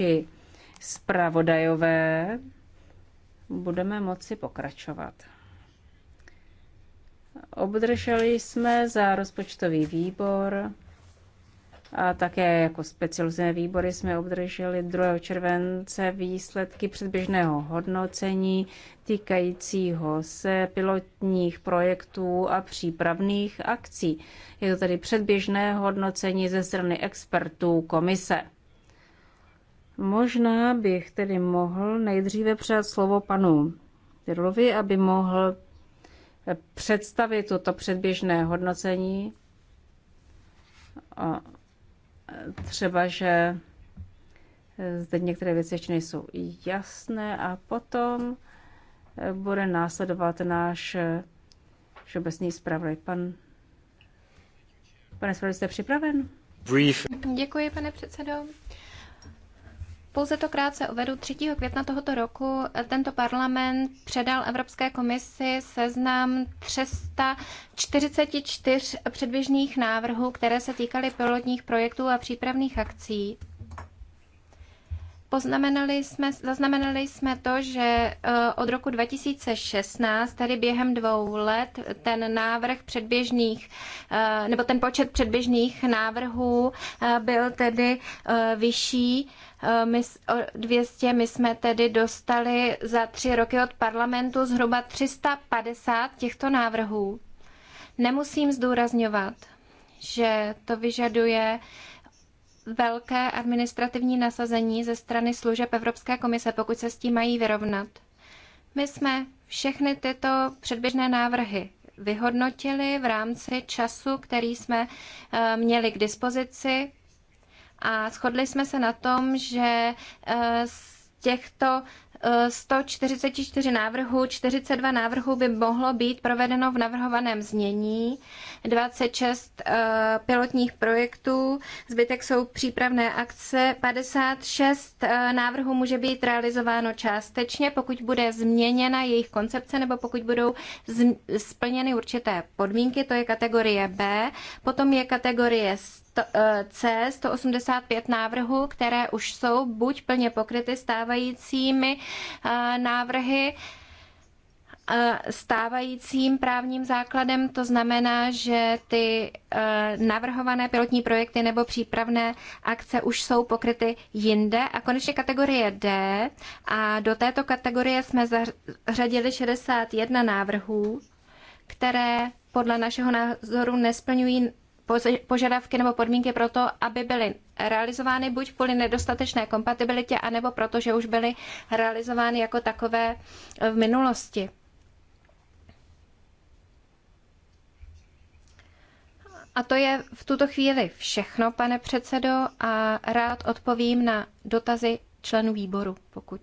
i zpravodajové budeme moci pokračovat. Obdrželi jsme za rozpočtový výbor a také jako specializované výbory jsme obdrželi 2. července výsledky předběžného hodnocení týkajícího se pilotních projektů a přípravných akcí. Je to tedy předběžné hodnocení ze strany expertů komise. Možná bych tedy mohl nejdříve přát slovo panu Tyrlovi, aby mohl představit toto předběžné hodnocení. A třeba, že zde některé věci ještě nejsou jasné a potom bude následovat náš všeobecný zpravodaj. Pan, pane zpravodaj, jste připraven? Brief. Děkuji, pane předsedo. Pouze to krátce uvedu. 3. května tohoto roku tento parlament předal Evropské komisi seznam 344 předběžných návrhů, které se týkaly pilotních projektů a přípravných akcí. Poznamenali jsme, zaznamenali jsme to, že eh, od roku 2016, tady během dvou let, ten návrh předběžných, eh, nebo ten počet předběžných návrhů eh, byl tedy vyšší. My, 200, my jsme tedy dostali za tři roky od parlamentu zhruba 350 těchto návrhů. Nemusím zdůrazňovat, že to vyžaduje uh, velké administrativní nasazení ze strany služeb Evropské komise, pokud se s tím mají vyrovnat. My jsme všechny tyto předběžné návrhy vyhodnotili v rámci času, který jsme eh, měli k dispozici a shodli jsme se na tom, že eh, z těchto 144 návrhů, 42 návrhů by mohlo být provedeno v navrhovaném znění, 26 eh, pilotních projektů, zbytek jsou přípravné akce, 56 eh, návrhů může být realizováno částečně, pokud bude změněna jejich koncepce nebo pokud budou splněny určité podmínky, to je kategorie B, potom je kategorie C, Eh, C 185 návrhů, které už jsou buď plně pokryty stávajícími eh, návrhy, eh, stávajícím právním základem, to znamená, že ty navrhované pilotní projekty nebo přípravné akce už jsou pokryty jinde. A konečně kategorie D. A do této kategorie jsme zařadili 61 návrhů, které podle našeho názoru nesplňují požadavky nebo podmínky pro to, aby byly realizovány buď kvůli nedostatečné kompatibilitě, anebo proto, že už byly realizovány jako takové eh, v minulosti. A to je v tuto chvíli všechno, pane předsedo, a rád odpovím na dotazy členů výboru, pokud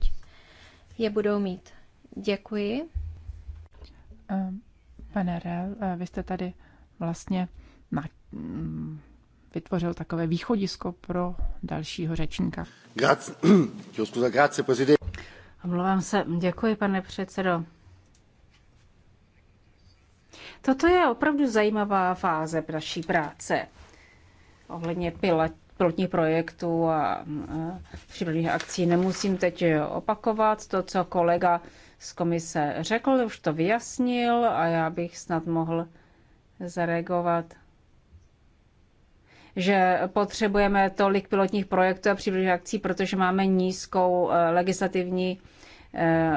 je budou mít. Děkuji. Ehm, pane Rel, eh, vy jste tady vlastně na Mm, vytvořil takové východisko pro dalšího řečníka. Omlouvám se, děkuji, pane předsedo. Toto je opravdu zajímavá fáze naší práce ohledně pilotních projektů a přírodních akcí. Nemusím teď opakovat to, co kolega z komise řekl, už to vyjasnil a já bych snad mohl zareagovat že potřebujeme tolik pilotních projektů a příbližných akcí, protože máme nízkou eh, legislativní eh,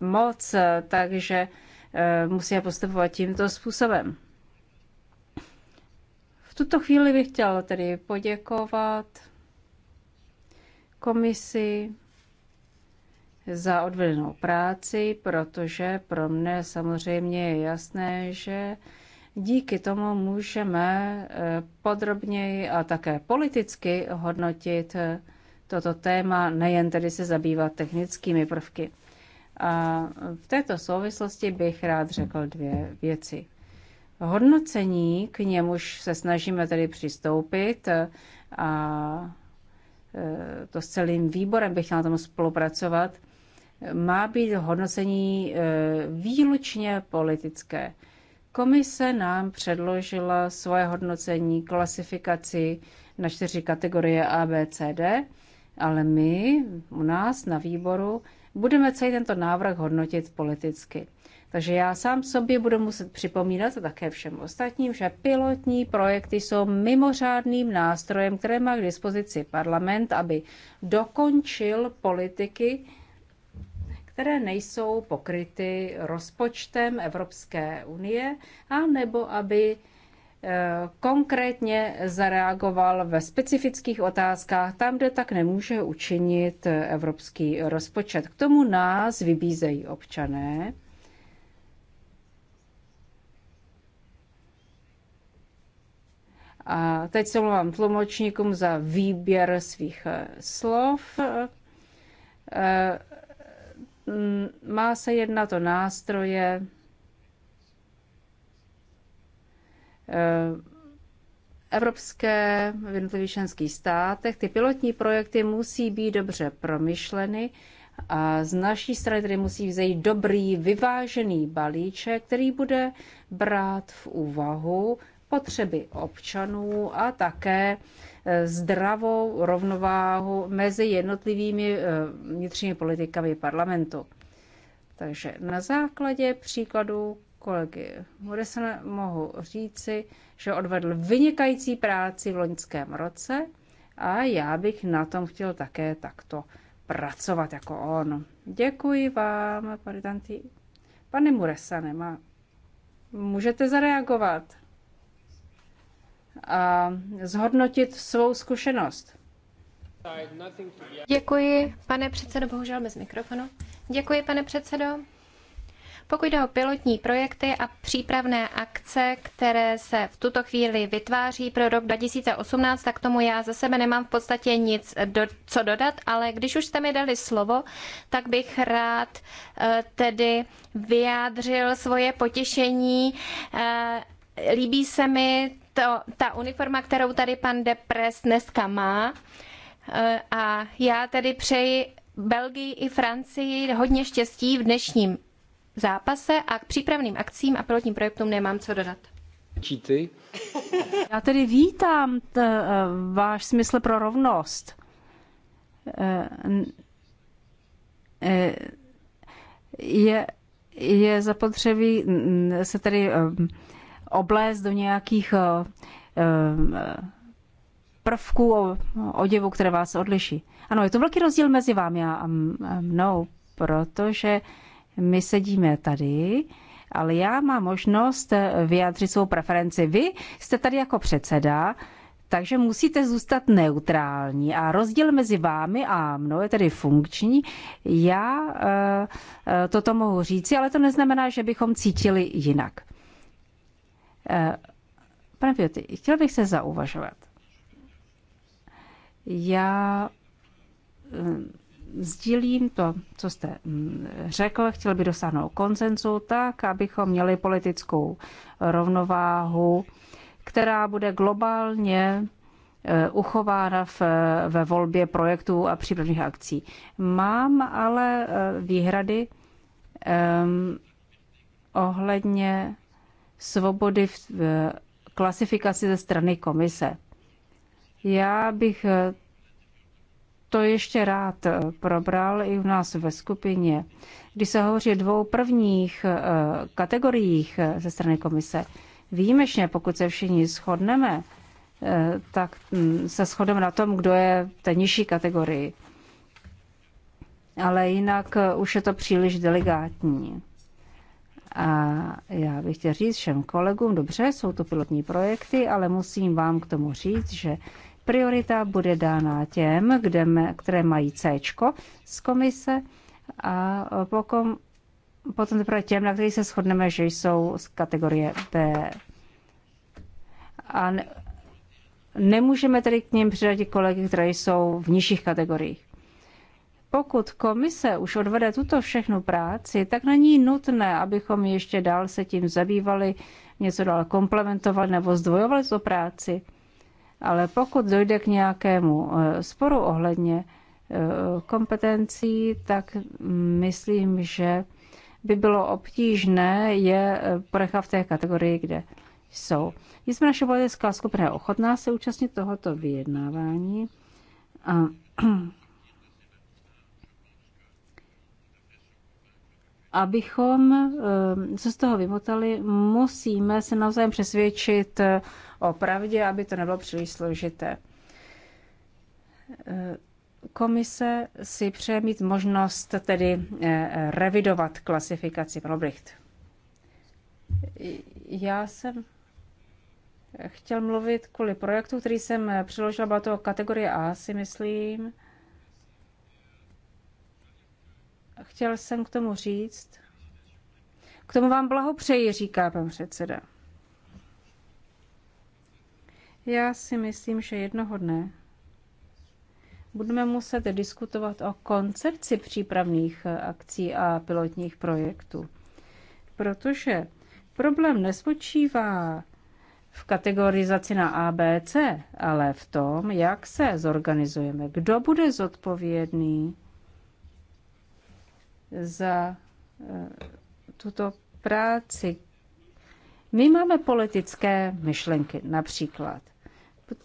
moc, takže eh, musíme postupovat tímto způsobem. V tuto chvíli bych chtěl tedy poděkovat komisi za odvedenou práci, protože pro mne samozřejmě je jasné, že Díky tomu můžeme eh, podrobněji a také politicky hodnotit eh, toto téma, nejen tedy se zabývat technickými prvky. A v této souvislosti bych rád řekl dvě věci. Hodnocení, k němuž se snažíme tedy přistoupit eh, a to s celým výborem bych na tom spolupracovat, má být hodnocení výlučně politické. Komise nám předložila svoje hodnocení klasifikaci na čtyři kategorie A, B, C, D, ale my u nás na výboru budeme celý tento návrh hodnotit politicky. Takže já sám sobě budu muset připomínat a také všem ostatním, že pilotní projekty jsou mimořádným nástrojem, které má k dispozici parlament, aby dokončil politiky, které nejsou pokryty rozpočtem Evropské unie, a nebo aby eh, konkrétně zareagoval ve specifických otázkách tam, kde tak nemůže učinit evropský rozpočet. K tomu nás vybízejí občané. A teď se mluvám tlumočníkům za výběr svých eh, slov. Eh, Mm, má se jednat o nástroje, eh, evropské v jednotlivých členských státech. Ty pilotní projekty musí být dobře promyšleny a z naší strany tedy musí vzejít dobrý, vyvážený balíček, který bude brát v úvahu potřeby občanů a také Eh, zdravou rovnováhu mezi jednotlivými eh, vnitřními politikami parlamentu. Takže na základě příkladu kolegy Morrisona mohu říci, že odvedl vynikající práci v loňském roce a já bych na tom chtěl také takto pracovat jako on. Děkuji vám, pane Tanti. Pane Muresane, má... můžete zareagovat? a zhodnotit svou zkušenost. Děkuji, pane předsedo, bohužel bez mikrofonu. Děkuji, pane předsedo. Pokud jde o pilotní projekty a přípravné akce, které se v tuto chvíli vytváří pro rok 2018, tak tomu já za sebe nemám v podstatě nic do, co dodat, ale když už jste mi dali slovo, tak bych rád eh, tedy vyjádřil svoje potěšení eh, líbí se mi to, ta uniforma, kterou tady pan Depres dneska má. Eh, a já tedy přeji Belgii i Francii hodně štěstí v dnešním zápase a k přípravným akcím a pilotním projektům nemám co dodat. Číty. Já tedy vítám t, eh, váš smysl pro rovnost. Eh, je, je zapotřebí se tedy oblézt do nějakých eh, eh, prvků o oděvu, které vás odliší. Ano, je to velký rozdíl mezi vámi a mnou, protože my sedíme tady, ale já mám možnost eh, vyjádřit svou preferenci. Vy jste tady jako předseda, takže musíte zůstat neutrální a rozdíl mezi vámi a mnou je tedy funkční. Já e, toto mohu říci, ale to neznamená, že bychom cítili jinak. Eh, pane Pioty, chtěl bych se zauvažovat. Já eh, sdílím to, co jste mm, řekl, chtěl by dosáhnout koncenzu tak, abychom měli politickou rovnováhu, která bude globálně eh, uchována v, ve volbě projektů a přípravných akcí. Mám ale výhrady um, ohledně svobody v klasifikaci ze strany komise. Já bych eh, to ještě rád eh, probral i u nás ve skupině. Když se hovoří o dvou prvních eh, kategoriích ze strany komise, výjimečně, pokud se všichni shodneme, tak mm, se shodneme na tom, kdo je v té nižší kategorii. Ale jinak už je to příliš delegátní. A já bych chtěl říct všem kolegům, dobře, jsou to pilotní projekty, ale musím vám k tomu říct, že priorita bude dána těm, kde, které mají C z komise a pokom, potom teprve těm, na kterých se shodneme, že jsou z kategorie B. A ne, nemůžeme tedy k ním přidat kolegy, které jsou v nižších kategoriích pokud komise už odvede tuto všechnu práci, tak není nutné, abychom ještě dál se tím zabývali, něco dál komplementovali nebo zdvojovali o práci. Ale pokud dojde k nějakému e, sporu ohledně e, kompetencí, tak myslím, že by bylo obtížné je e, porechat v té kategorii, kde jsou. Jsme naše politická skupina ochotná se účastnit tohoto vyjednávání. A Abychom se eh, z toho vymotali, musíme se navzájem přesvědčit eh, o pravdě, aby to nebylo příliš složité. Eh, komise si přeje mít možnost tedy revidovat klasifikaci Probricht. Já jsem chtěl mluvit kvůli projektu, který jsem přiložila, byla to kategorie A, si myslím. Chtěl jsem k tomu říct. K tomu vám blahopřeji, říká pan předseda. Já si myslím, že jednoho dne budeme muset diskutovat o koncepci přípravných akcí a pilotních projektů. Protože problém nespočívá v kategorizaci na ABC, ale v tom, jak se zorganizujeme, kdo bude zodpovědný za eh, tuto práci. My máme politické myšlenky například.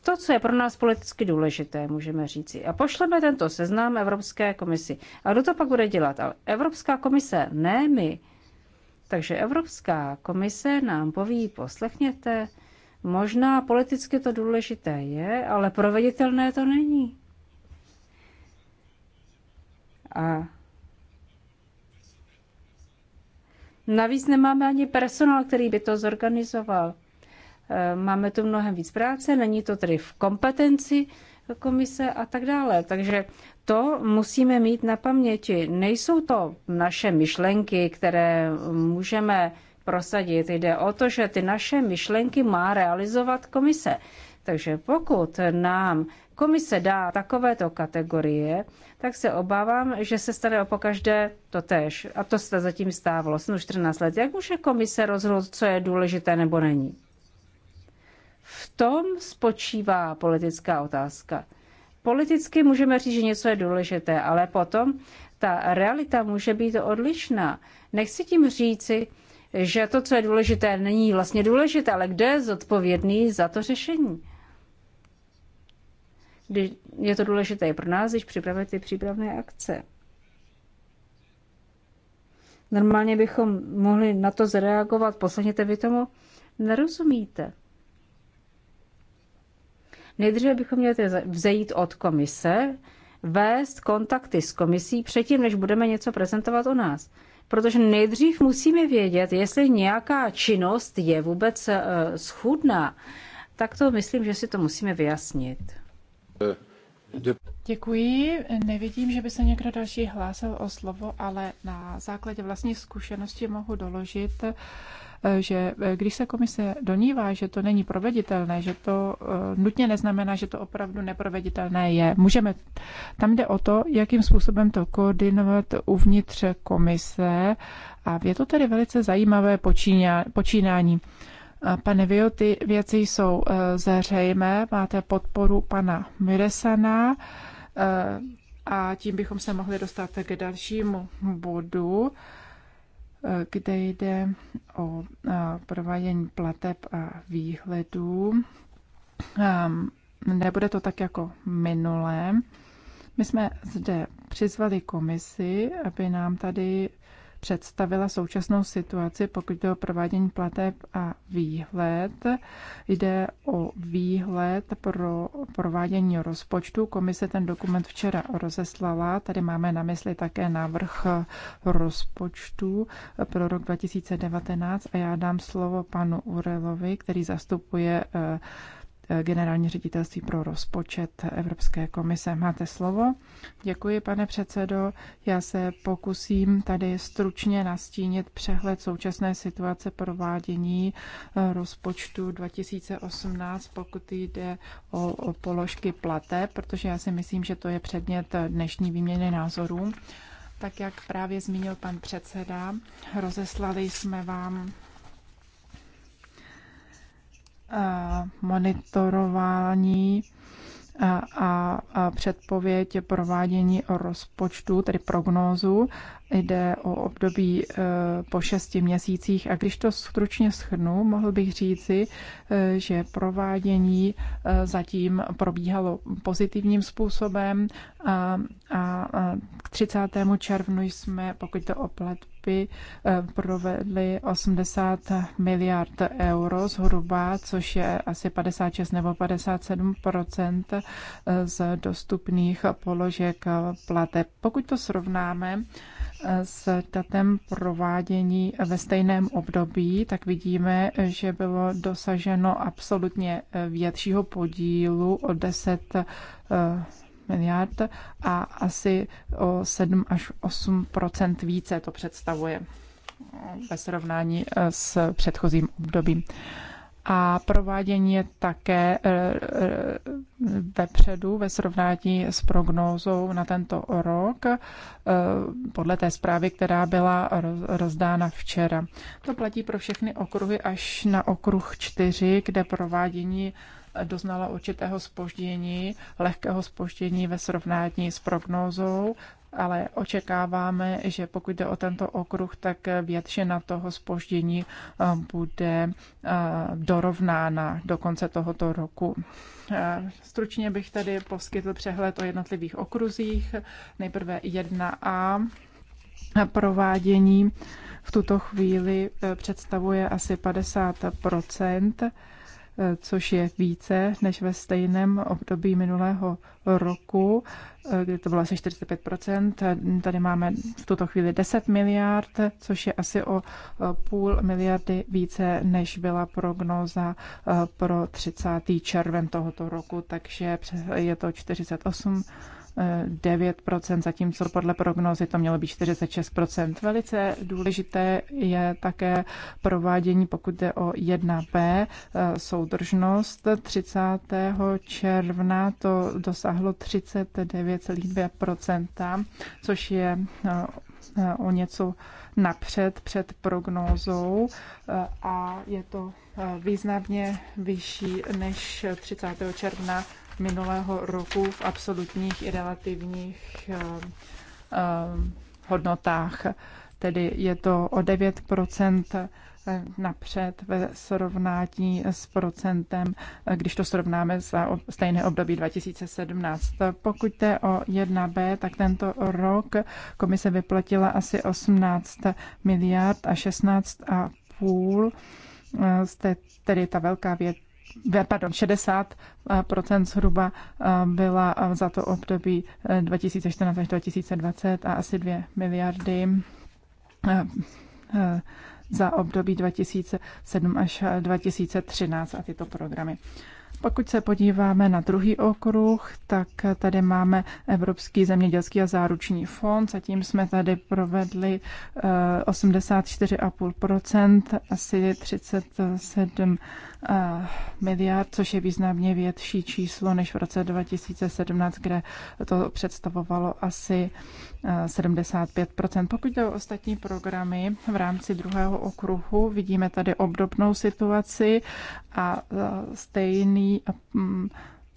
To, co je pro nás politicky důležité, můžeme říci. A pošleme tento seznam Evropské komisi. A kdo to pak bude dělat? Ale Evropská komise, ne my. Takže Evropská komise nám poví, poslechněte, možná politicky to důležité je, ale proveditelné to není. A Navíc nemáme ani personál, který by to zorganizoval. Eh, máme tu mnohem víc práce, není to tedy v kompetenci komise a tak dále. Takže to musíme mít na paměti. Nejsou to naše myšlenky, které můžeme prosadit. Jde o to, že ty naše myšlenky má realizovat komise. Takže pokud nám komise dá takovéto kategorie, tak se obávám, že se stane o pokaždé to tež. A to se zatím stávalo. Jsem už 14 let. Jak může komise rozhodnout, co je důležité nebo není? V tom spočívá politická otázka. Politicky můžeme říct, že něco je důležité, ale potom ta realita může být odlišná. Nechci tím říci, že to, co je důležité, není vlastně důležité, ale kdo je zodpovědný za to řešení? je to důležité pro nás, když připravit ty přípravné akce. Normálně bychom mohli na to zareagovat, poslechněte, vy tomu nerozumíte. Nejdříve bychom měli vzejít od komise, vést kontakty s komisí předtím, než budeme něco prezentovat o nás. Protože nejdřív musíme vědět, jestli nějaká činnost je vůbec eh, schudná. Tak to myslím, že si to musíme vyjasnit. Děkuji. Nevidím, že by se někdo další hlásil o slovo, ale na základě vlastní zkušenosti mohu doložit, eh, že eh, když se komise donívá, že to není proveditelné, že to eh, nutně neznamená, že to opravdu neproveditelné je. Můžeme, tam jde o to, jakým způsobem to koordinovat uvnitř komise a je to tedy velice zajímavé počíná, počínání. Pane Vio, ty věci jsou eh, zřejmé, máte podporu pana Miresana eh, a tím bychom se mohli dostat k dalšímu bodu, eh, kde jde o provádění plateb a výhledů. Nebude to tak jako minulé. My jsme zde přizvali komisi, aby nám tady představila současnou situaci, pokud jde o provádění plateb a výhled. Jde o výhled pro provádění rozpočtu. Komise ten dokument včera rozeslala. Tady máme na mysli také návrh rozpočtu pro rok 2019 a já dám slovo panu Urelovi, který zastupuje eh, generální ředitelství pro rozpočet Evropské komise. Máte slovo. Děkuji, pane předsedo. Já se pokusím tady stručně nastínit přehled současné situace provádění eh, rozpočtu 2018, pokud jde o, o položky plate, protože já si myslím, že to je předmět dnešní výměny názorů. Tak jak právě zmínil pan předseda, rozeslali jsme vám monitorování a, a předpověď provádění rozpočtu, tedy prognózu Jde o období eh, po šesti měsících a když to stručně schrnu, mohl bych říci, eh, že provádění eh, zatím probíhalo pozitivním způsobem a, a k 30. červnu jsme, pokud to oplet, platby, provedli 80 miliard euro zhruba, což je asi 56 nebo 57 z dostupných položek plateb. Pokud to srovnáme, s datem provádění ve stejném období, tak vidíme, že bylo dosaženo absolutně většího podílu o 10 eh, miliard a asi o 7 až 8 více to představuje ve srovnání eh, s předchozím obdobím a provádění je také eh, eh, vepředu ve srovnání s prognózou na tento rok eh, podle té zprávy, která byla rozdána včera. To platí pro všechny okruhy až na okruh 4, kde provádění doznala určitého spoždění, lehkého spoždění ve srovnání s prognózou ale očekáváme, že pokud jde o tento okruh, tak většina toho spoždění eh, bude eh, dorovnána do konce tohoto roku. Eh, stručně bych tady poskytl přehled o jednotlivých okruzích. Nejprve 1A provádění v tuto chvíli představuje asi 50 Eh, což je více než ve stejném období minulého roku, eh, kdy to bylo asi 45 Tady máme v tuto chvíli 10 miliard, což je asi o eh, půl miliardy více, než byla prognóza pro 30. červen tohoto roku, takže je to 48 9%, zatímco podle prognózy to mělo být 46%. Velice důležité je také provádění, pokud jde o 1P, eh, soudržnost. 30. června to dosáhlo 39,2%, což je eh, eh, o něco napřed před prognózou a je to významně vyšší než 30. června minulého roku v absolutních i relativních eh, eh, hodnotách. Tedy je to o 9 eh, napřed ve srovnání s procentem, když to srovnáme za stejné období 2017. Pokud jde o 1B, tak tento rok komise vyplatila asi 18 miliard a 16 a půl. tedy ta velká věc pardon, 60 eh, zhruba eh, byla eh, za to období 2014 až 2020 a asi 2 miliardy za období 2007 až 2013 a tyto programy. Pokud se podíváme na druhý okruh, tak tady máme Evropský zemědělský a záruční fond. Zatím jsme tady provedli 84,5%, asi 37 miliard, což je významně větší číslo než v roce 2017, kde to představovalo asi 75 e, Pokud jde o ostatní programy v rámci druhého okruhu, vidíme tady obdobnou situaci a e, stejný mm,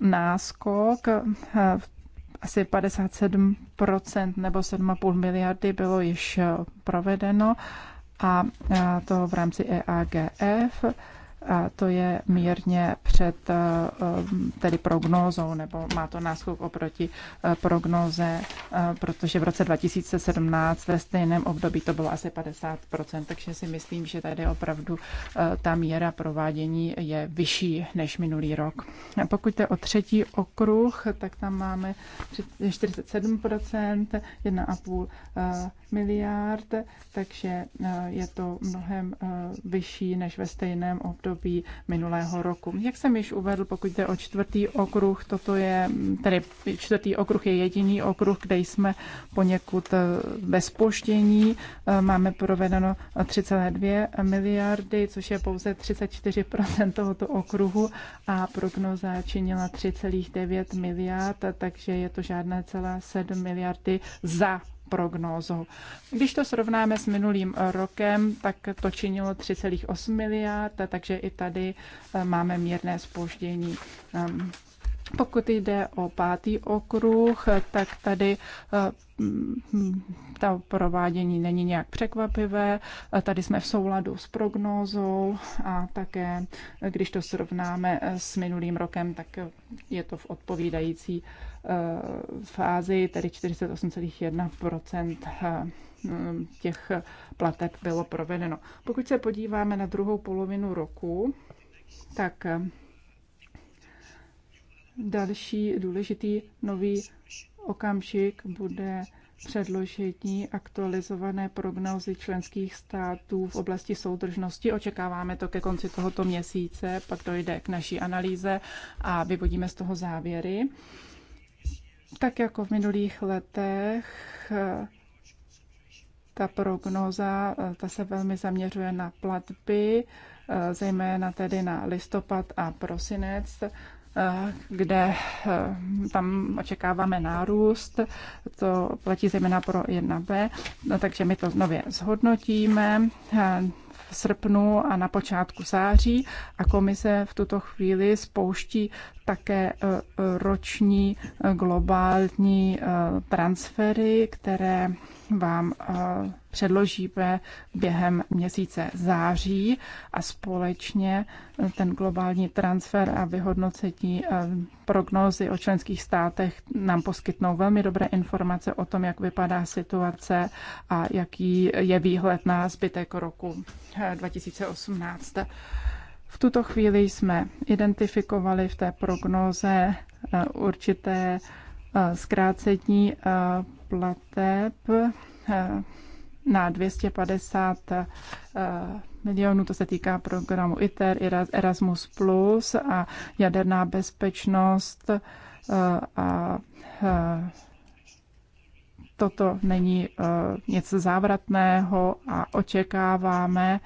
náskok v e, asi 57% nebo 7,5 miliardy bylo již provedeno a to v rámci EAGF a to je mírně před eh, eh, tedy prognózou, nebo má to náskok oproti eh, prognóze, protože v roce 2017 ve stejném období to bylo asi 50%, takže si myslím, že tady opravdu ta míra provádění je vyšší než minulý rok. A pokud je o třetí okruh, tak tam máme 47%, 1,5 miliard, takže je to mnohem vyšší než ve stejném období období minulého roku. Jak jsem již uvedl, pokud jde o čtvrtý okruh, toto je, tedy čtvrtý okruh je jediný okruh, kde jsme poněkud bez eh, poštění. Eh, máme provedeno 3,2 miliardy, což je pouze 34% tohoto okruhu a prognoza činila 3,9 miliard, takže je to žádné celá 7 miliardy za prognózou. Když to srovnáme s minulým rokem, tak to činilo 3,8 miliard, takže i tady eh, máme mírné spoždění. Ehm, pokud jde o pátý okruh, tak tady eh, ta provádění není nějak překvapivé. Eh, tady jsme v souladu s prognózou a také, když to srovnáme s minulým rokem, tak je to v odpovídající v eh, Ázii, tedy 48,1 eh, těch plateb bylo provedeno. Pokud se podíváme na druhou polovinu roku, tak eh, další důležitý nový okamžik bude předložení aktualizované prognózy členských států v oblasti soudržnosti. Očekáváme to ke konci tohoto měsíce, pak dojde k naší analýze a vyvodíme z toho závěry. Tak jako v minulých letech, ta prognóza, ta se velmi zaměřuje na platby, zejména tedy na listopad a prosinec, kde eh, tam očekáváme nárůst. To platí zejména pro 1B, no, takže my to nově zhodnotíme srpnu a na počátku září a komise v tuto chvíli spouští také e, e, roční e, globální transfery, které vám eh, předložíme během měsíce září a společně eh, ten globální transfer a vyhodnocení eh, prognózy o členských státech nám poskytnou velmi dobré informace o tom, jak vypadá situace a jaký je výhled na zbytek roku 2018. V tuto chvíli jsme identifikovali v té prognóze určité zkrácení plateb eh, na 250 eh, milionů, to se týká programu ITER, Erasmus+, Plus a jaderná bezpečnost eh, a toto není nic závratného a očekáváme,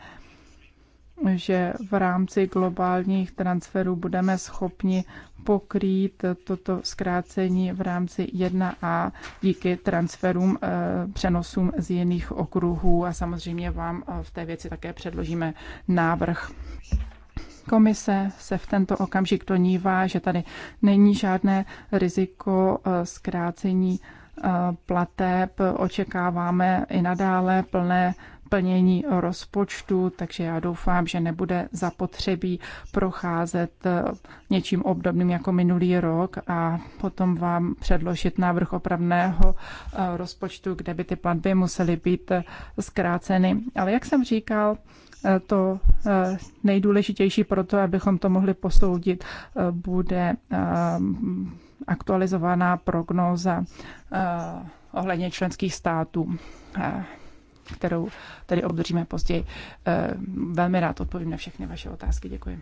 že v rámci globálních transferů budeme schopni pokrýt toto zkrácení v rámci 1A díky transferům, eh, přenosům z jiných okruhů a samozřejmě vám eh, v té věci také předložíme návrh. Komise se v tento okamžik donívá, že tady není žádné riziko eh, zkrácení plateb. Očekáváme i nadále plné plnění rozpočtu, takže já doufám, že nebude zapotřebí procházet eh, něčím obdobným jako minulý rok a potom vám předložit návrh opravného eh, rozpočtu, kde by ty platby musely být eh, zkráceny. Ale jak jsem říkal, to nejdůležitější pro to, abychom to mohli posoudit, bude aktualizovaná prognóza ohledně členských států kterou tady obdržíme později. Eh, velmi rád odpovím na všechny vaše otázky. Děkuji.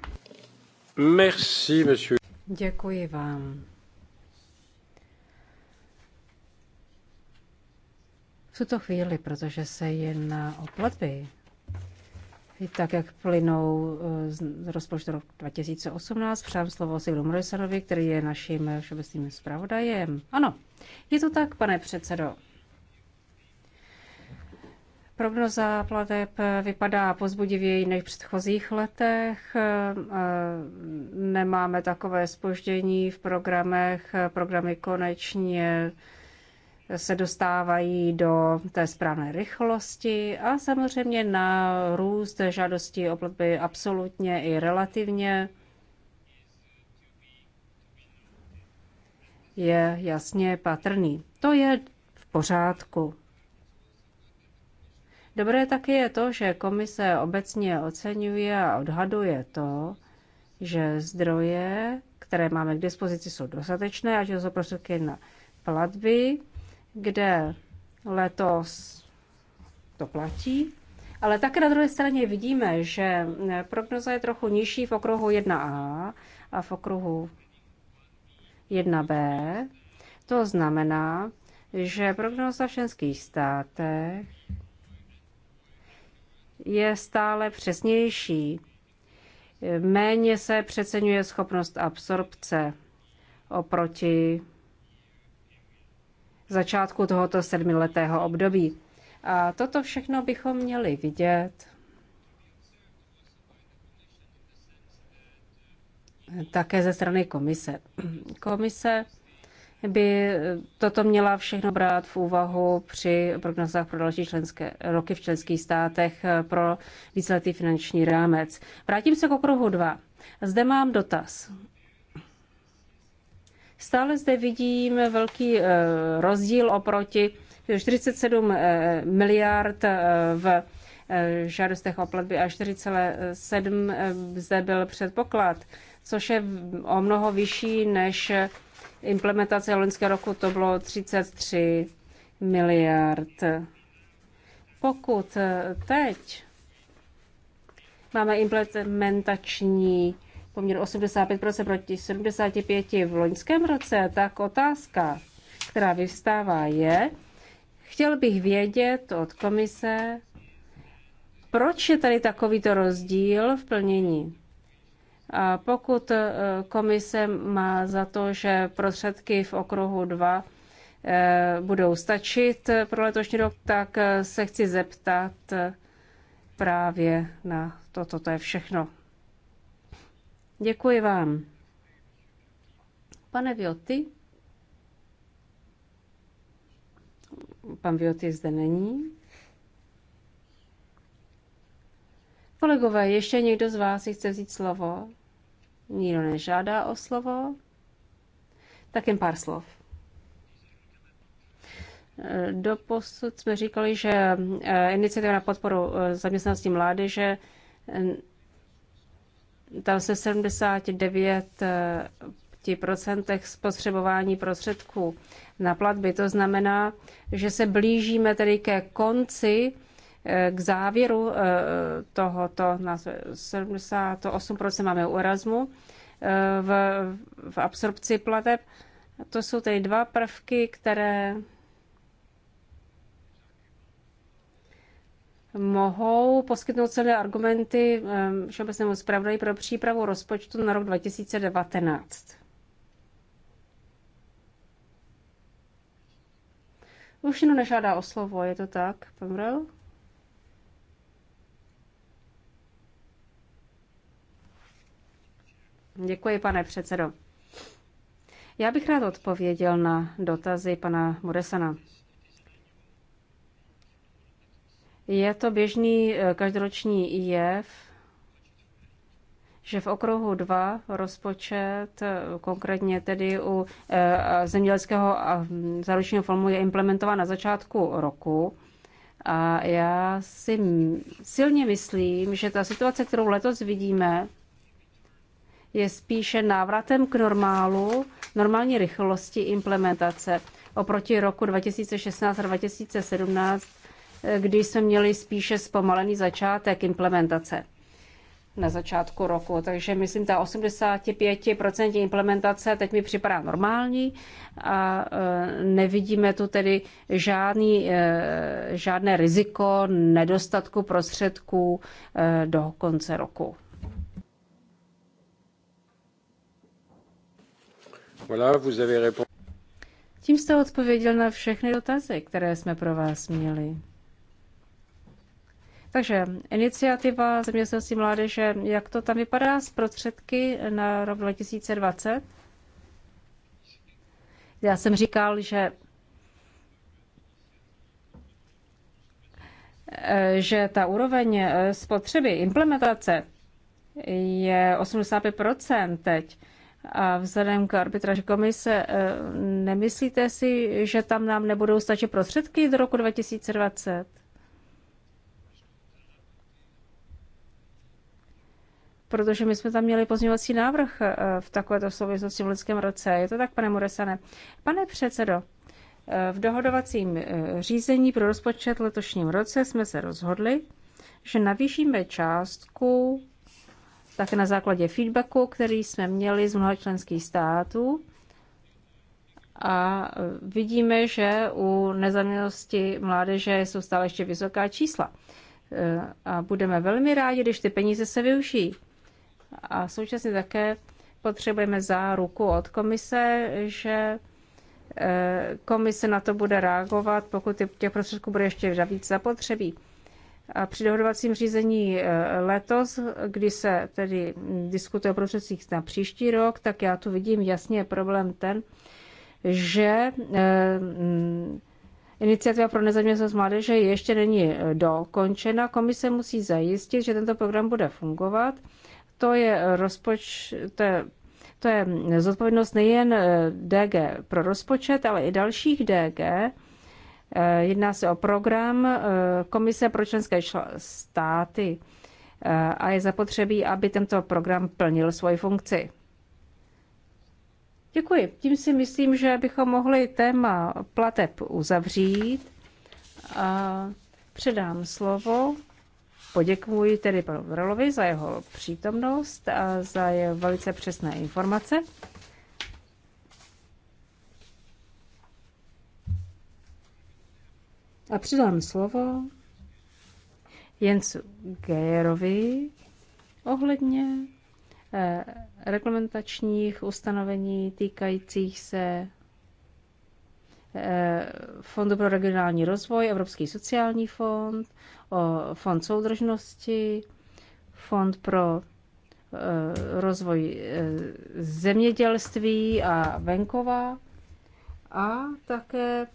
Merci, monsieur. Děkuji vám. V tuto chvíli, protože se jedná o platby, tak jak plynou eh, z rozpočtu roku 2018, přám slovo Siglu Morrisanovi, který je naším všeobecným zpravodajem. Ano, je to tak, pane předsedo. Prognoza plateb vypadá pozbudivěji než v předchozích letech. Eh, nemáme takové spoždění v programech. Programy konečně se dostávají do té správné rychlosti a samozřejmě na růst žádostí o platby absolutně i relativně je jasně patrný. To je v pořádku. Dobré taky je to, že komise obecně oceňuje a odhaduje to, že zdroje, které máme k dispozici, jsou dostatečné a že jsou prostředky na platby, kde letos to platí. Ale také na druhé straně vidíme, že prognoza je trochu nižší v okruhu 1a a v okruhu 1b. To znamená, že prognoza v členských státech je stále přesnější. Méně se přeceňuje schopnost absorpce oproti začátku tohoto sedmiletého období. A toto všechno bychom měli vidět také ze strany komise. Komise by toto měla všechno brát v úvahu při prognozách pro další členské roky v členských státech pro víceletý finanční rámec. Vrátím se k okruhu 2. Zde mám dotaz. Stále zde vidím velký eh, rozdíl oproti 47 eh, miliard eh, v žádostech o platby a 4,7 zde byl předpoklad, což je o mnoho vyšší než implementace loňského roku to bylo 33 miliard. Pokud teď máme implementační poměr 85% proti 75% v loňském roce, tak otázka, která vyvstává, je, chtěl bych vědět od komise, proč je tady takovýto rozdíl v plnění. A pokud e, komise má za to, že prostředky v okruhu 2 e, budou stačit pro letošní rok, tak e, se chci zeptat právě na toto. To je všechno. Děkuji vám. Pane Vioty? Pan Vioty zde není. Kolegové, ještě někdo z vás si chce vzít slovo? Nikdo nežádá o slovo. Tak jen pár slov. Doposud jsme říkali, že eh, iniciativa na podporu eh, zaměstnanosti mládeže eh, tam se 79 spotřebování prostředků na platby. To znamená, že se blížíme tedy ke konci k závěru eh, tohoto na 78% máme u Erasmu eh, v, v absorpci plateb. To jsou tedy dva prvky, které mohou poskytnout celé argumenty eh, všeobecnému zpravodaji pro přípravu rozpočtu na rok 2019. Už jenom nežádá o slovo, je to tak, Pemrel? Děkuji, pane předsedo. Já bych rád odpověděl na dotazy pana Muresana. Je to běžný eh, každoroční jev, že v okruhu 2 rozpočet, eh, konkrétně tedy u eh, zemědělského a záručního filmu, je implementován na začátku roku. A já si silně myslím, že ta situace, kterou letos vidíme, je spíše návratem k normálu, normální rychlosti implementace oproti roku 2016 a 2017, eh, kdy jsme měli spíše zpomalený začátek implementace na začátku roku. Takže myslím, ta 85% implementace teď mi připadá normální a eh, nevidíme tu tedy žádný, eh, žádné riziko nedostatku prostředků do konce roku. Tím jste odpověděl na všechny dotazy, které jsme pro vás měli. Takže iniciativa zeměstnosti mládeže, jak to tam vypadá s prostředky na rok 2020? Já jsem říkal, že eh, že ta úroveň eh, spotřeby implementace je 85% teď a vzhledem k arbitraži komise, eh, nemyslíte si, že tam nám nebudou stačit prostředky do roku 2020? Protože my jsme tam měli pozměňovací návrh eh, v takovéto souvislosti v lidském roce. Je to tak, pane Muresane? Pane předsedo, eh, v dohodovacím řízení pro rozpočet letošním roce jsme se rozhodli, že navýšíme částku také na základě feedbacku, který jsme měli z mnoha členských států. A vidíme, že u nezaměnosti mládeže jsou stále ještě vysoká čísla. E, a budeme velmi rádi, když ty peníze se využijí. A současně také potřebujeme záruku od komise, že e, komise na to bude reagovat, pokud těch prostředků bude ještě víc zapotřebí. A při dohodovacím řízení eh, letos, kdy se tedy diskutuje o procesích na příští rok, tak já tu vidím jasně problém ten, že eh, iniciativa pro nezaměstnanost mládeže ještě není eh, dokončena. Komise musí zajistit, že tento program bude fungovat. To je rozpoč, to je, to je zodpovědnost nejen DG pro rozpočet, ale i dalších DG, Eh, jedná se o program eh, Komise pro členské státy eh, a je zapotřebí, aby tento program plnil svoji funkci. Děkuji. Tím si myslím, že bychom mohli téma plateb uzavřít. A předám slovo. Poděkuji tedy panu Vrolovi za jeho přítomnost a za jeho velice přesné informace. A předám slovo Jensu Gejerovi ohledně eh, reglementačních ustanovení týkajících se eh, Fondu pro regionální rozvoj, Evropský sociální fond, o Fond soudržnosti, Fond pro eh, rozvoj eh, zemědělství a venkova a také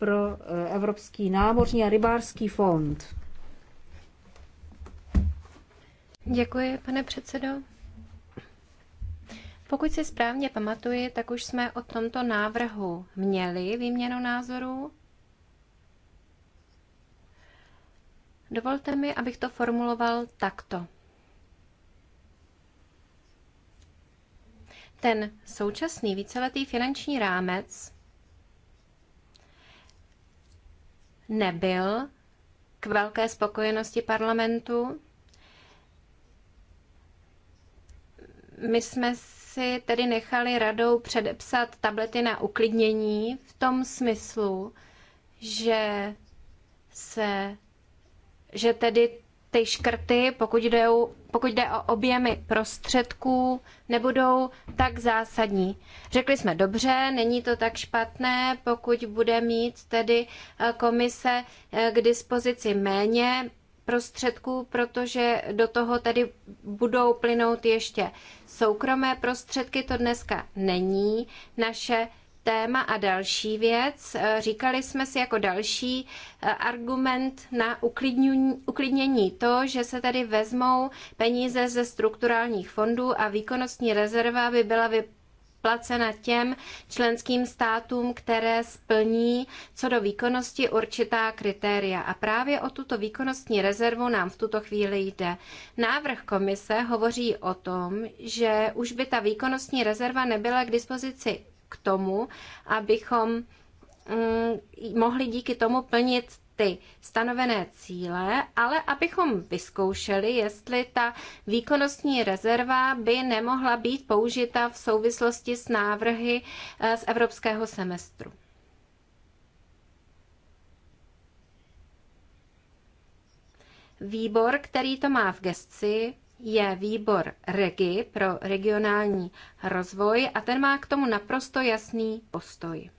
pro eh, Evropský námořní a rybářský fond. Děkuji, pane předsedo. Pokud si správně pamatuji, tak už jsme o tomto návrhu měli výměnu názorů. Dovolte mi, abych to formuloval takto. Ten současný víceletý finanční rámec nebyl k velké spokojenosti parlamentu. My jsme si tedy nechali radou předepsat tablety na uklidnění v tom smyslu, že se že tedy ty škrty, pokud jde, pokud jde o objemy prostředků, nebudou tak zásadní. Řekli jsme dobře, není to tak špatné, pokud bude mít tedy eh, komise eh, k dispozici méně prostředků, protože do toho tedy budou plynout ještě soukromé prostředky, to dneska není. Naše téma a další věc. Eh, říkali jsme si jako další eh, argument na uklidnění to, že se tady vezmou peníze ze strukturálních fondů a výkonnostní rezerva by byla vyplacena těm členským státům, které splní co do výkonnosti určitá kritéria. A právě o tuto výkonnostní rezervu nám v tuto chvíli jde. Návrh komise hovoří o tom, že už by ta výkonnostní rezerva nebyla k dispozici k tomu, abychom mm, mohli díky tomu plnit ty stanovené cíle, ale abychom vyzkoušeli, jestli ta výkonnostní rezerva by nemohla být použita v souvislosti s návrhy eh, z evropského semestru. Výbor, který to má v gesci, je výbor REGI pro regionální rozvoj a ten má k tomu naprosto jasný postoj.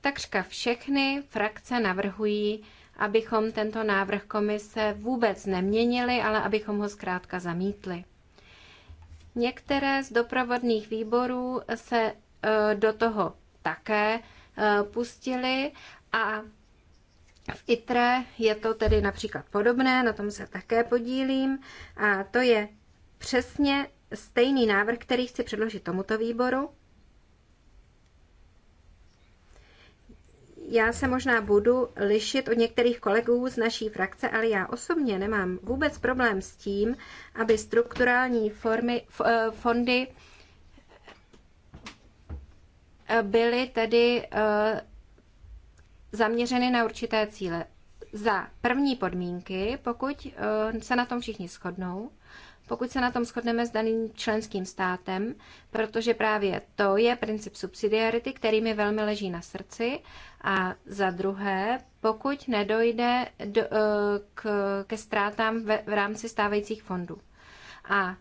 Takřka všechny frakce navrhují, abychom tento návrh komise vůbec neměnili, ale abychom ho zkrátka zamítli. Některé z doprovodných výborů se e, do toho také e, pustili a v ITRE je to tedy například podobné, na tom se také podílím. A to je přesně stejný návrh, který chci předložit tomuto výboru. Já se možná budu lišit od některých kolegů z naší frakce, ale já osobně nemám vůbec problém s tím, aby strukturální formy, eh, fondy byly tedy eh, zaměřeny na určité cíle. Za první podmínky, pokud eh, se na tom všichni shodnou, pokud se na tom shodneme s daným členským státem, protože právě to je princip subsidiarity, který mi velmi leží na srdci. A za druhé, pokud nedojde do, eh, k, ke ztrátám v, v rámci stávajících fondů. A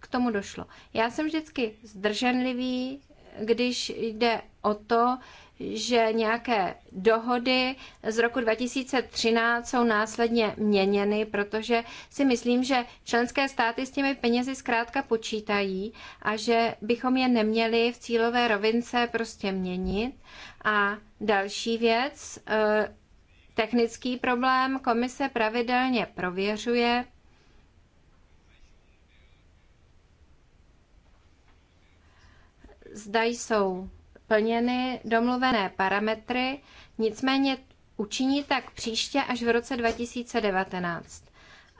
k tomu došlo. Já jsem vždycky zdrženlivý, když jde o to, že nějaké dohody z roku 2013 jsou následně měněny, protože si myslím, že členské státy s těmi penězi zkrátka počítají a že bychom je neměli v cílové rovince prostě měnit. A další věc, eh, technický problém, komise pravidelně prověřuje zda jsou plněny domluvené parametry, nicméně učiní tak příště až v roce 2019.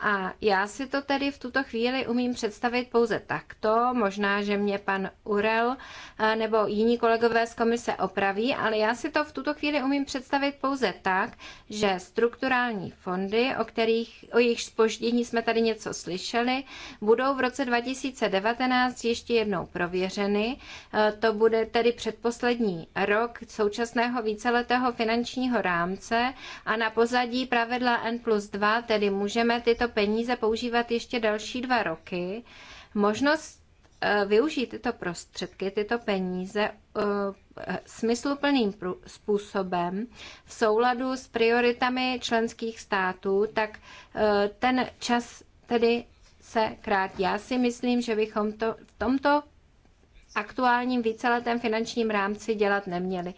A já si to tedy v tuto chvíli umím představit pouze takto, možná, že mě pan Urel eh, nebo jiní kolegové z komise opraví, ale já si to v tuto chvíli umím představit pouze tak, že strukturální fondy, o, kterých, o jejich spoždění jsme tady něco slyšeli, budou v roce 2019 ještě jednou prověřeny. Eh, to bude tedy předposlední rok současného víceletého finančního rámce a na pozadí pravidla N plus 2 tedy můžeme tyto peníze používat ještě další dva roky. Možnost eh, využít tyto prostředky, tyto peníze eh, smysluplným způsobem v souladu s prioritami členských států, tak eh, ten čas tedy se krátí. Já si myslím, že bychom to v tomto aktuálním víceletém finančním rámci dělat neměli.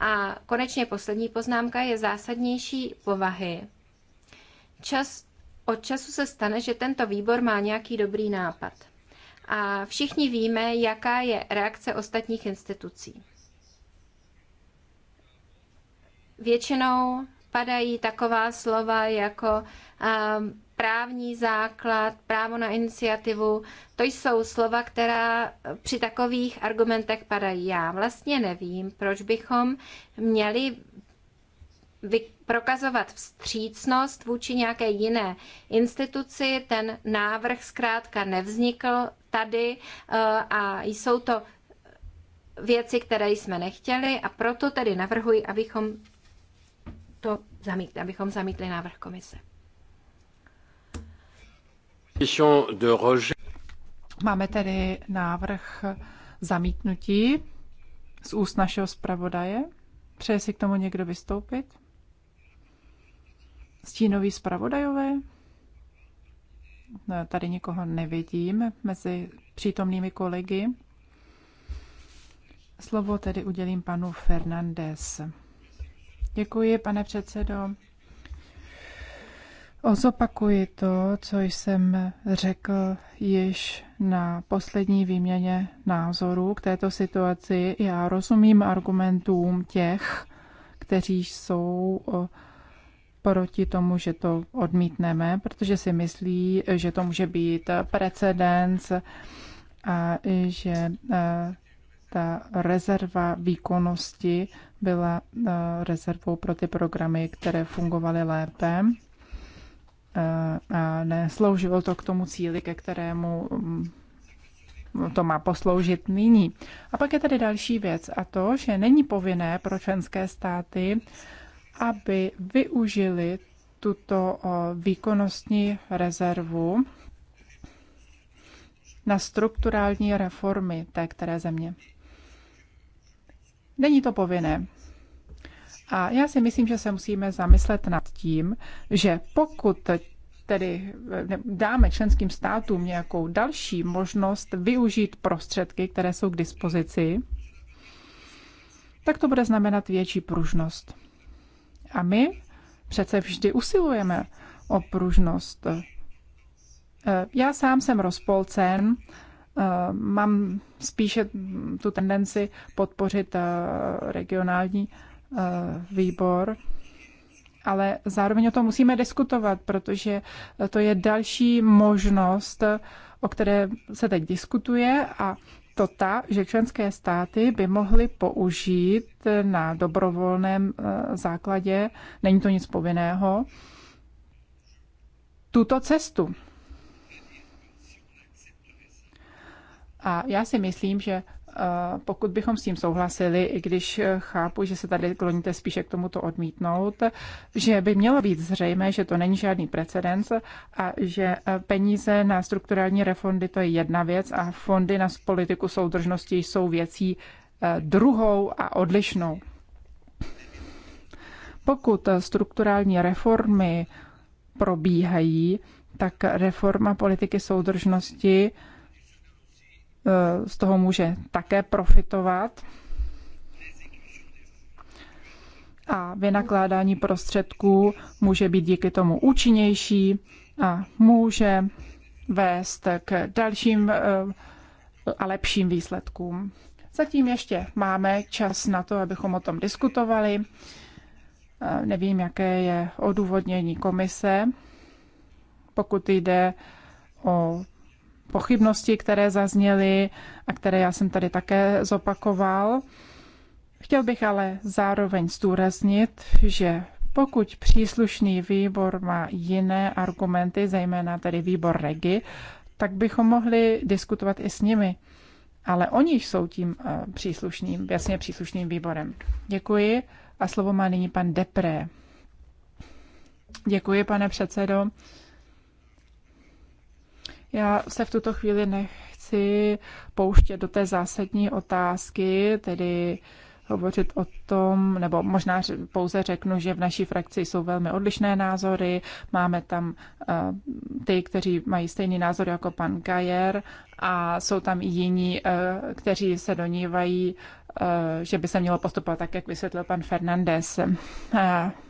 A konečně poslední poznámka je zásadnější povahy. Čas od času se stane, že tento výbor má nějaký dobrý nápad. A všichni víme, jaká je reakce ostatních institucí. Většinou padají taková slova jako právní základ, právo na iniciativu. To jsou slova, která při takových argumentech padají. Já vlastně nevím, proč bychom měli prokazovat vstřícnost vůči nějaké jiné instituci. Ten návrh zkrátka nevznikl tady eh, a jsou to věci, které jsme nechtěli a proto tedy navrhuji, abychom to zamítli, abychom zamítli návrh komise. Máme tedy návrh zamítnutí z úst našeho zpravodaje. Přeje si k tomu někdo vystoupit? Stínoví zpravodajové? No, tady nikoho nevidím mezi přítomnými kolegy. Slovo tedy udělím panu Fernandez. Děkuji, pane předsedo. Ozopakuji to, co jsem řekl již na poslední výměně názorů k této situaci. Já rozumím argumentům těch, kteří jsou proti tomu, že to odmítneme, protože si myslí, že to může být precedens a že e, ta rezerva výkonnosti byla e, rezervou pro ty programy, které fungovaly lépe e, a nesloužilo to k tomu cíli, ke kterému mm, to má posloužit nyní. A pak je tady další věc a to, že není povinné pro členské státy aby využili tuto výkonnostní rezervu na strukturální reformy té které země. Není to povinné. A já si myslím, že se musíme zamyslet nad tím, že pokud tedy dáme členským státům nějakou další možnost využít prostředky, které jsou k dispozici, tak to bude znamenat větší pružnost. A my přece vždy usilujeme o pružnost. Eh, já sám jsem rozpolcen, eh, mám spíše tu tendenci podpořit eh, regionální výbor, ale zároveň o tom musíme diskutovat, protože to je další možnost, o které se teď diskutuje a to ta, že členské státy by mohly použít na dobrovolném eh, základě, není to nic povinného, tuto cestu. A já si myslím, že pokud bychom s tím souhlasili, i když chápu, že se tady kloníte spíše k tomuto odmítnout, že by mělo být zřejmé, že to není žádný precedens a že peníze na strukturální refondy to je jedna věc a fondy na politiku soudržnosti jsou věcí eh, druhou a odlišnou. Pokud strukturální reformy probíhají, tak reforma politiky soudržnosti Eh, z toho může také profitovat. A vynakládání prostředků může být díky tomu účinnější a může vést k dalším eh, a lepším výsledkům. Zatím ještě máme čas na to, abychom o tom diskutovali. Eh, nevím, jaké je odůvodnění komise, pokud jde o pochybnosti, které zazněly a které já jsem tady také zopakoval. Chtěl bych ale zároveň zdůraznit, že pokud příslušný výbor má jiné argumenty, zejména tedy výbor REGI, tak bychom mohli diskutovat i s nimi. Ale oni jsou tím eh, příslušným, jasně příslušným výborem. Děkuji a slovo má nyní pan Depré. Děkuji, pane předsedo. Já se v tuto chvíli nechci pouštět do té zásadní otázky, tedy hovořit o tom, nebo možná pouze řeknu, že v naší frakci jsou velmi odlišné názory. Máme tam eh, ty, kteří mají stejný názor jako pan Gajer a jsou tam i jiní, eh, kteří se donívají, eh, že by se mělo postupovat tak, jak vysvětlil pan Fernandez.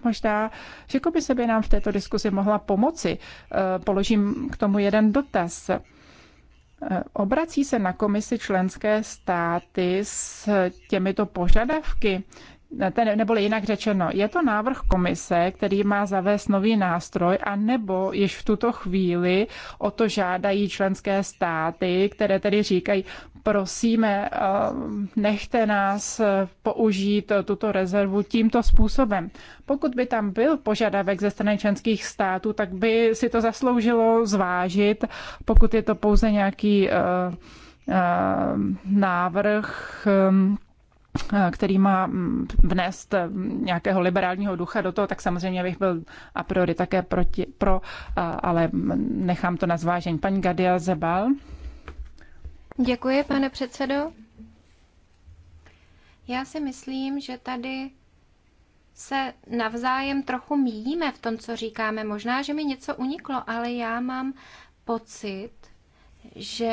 Možná, že by se by nám v této diskusi mohla pomoci. Položím k tomu jeden dotaz. Eh, obrací se na komisi členské státy s těmito požadavky neboli jinak řečeno, je to návrh komise, který má zavést nový nástroj, a nebo již v tuto chvíli o to žádají členské státy, které tedy říkají, prosíme, eh, nechte nás eh, použít tuto rezervu tímto způsobem. Pokud by tam byl požadavek ze strany členských států, tak by si to zasloužilo zvážit, pokud je to pouze nějaký eh, návrh Eh, který má mm, vnést eh, nějakého liberálního ducha do toho, tak samozřejmě bych byl a priori také proti, pro, ale nechám to na zvážení. Paní Gadia Zebal. Děkuji, pane předsedo. Já si myslím, že tady se navzájem trochu míjíme v tom, co říkáme. Možná, že mi něco uniklo, ale já mám pocit, že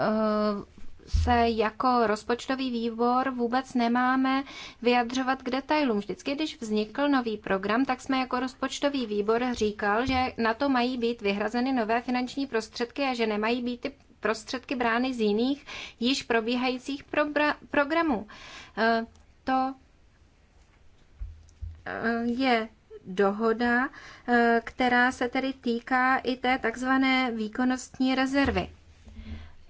eh, se jako rozpočtový výbor vůbec nemáme vyjadřovat k detailům. Vždycky, když vznikl nový program, tak jsme jako rozpočtový výbor říkal, že na to mají být vyhrazeny nové finanční prostředky a že nemají být ty prostředky brány z jiných již probíhajících probra- programů. E, to e, je dohoda, e, která se tedy týká i té takzvané výkonnostní rezervy.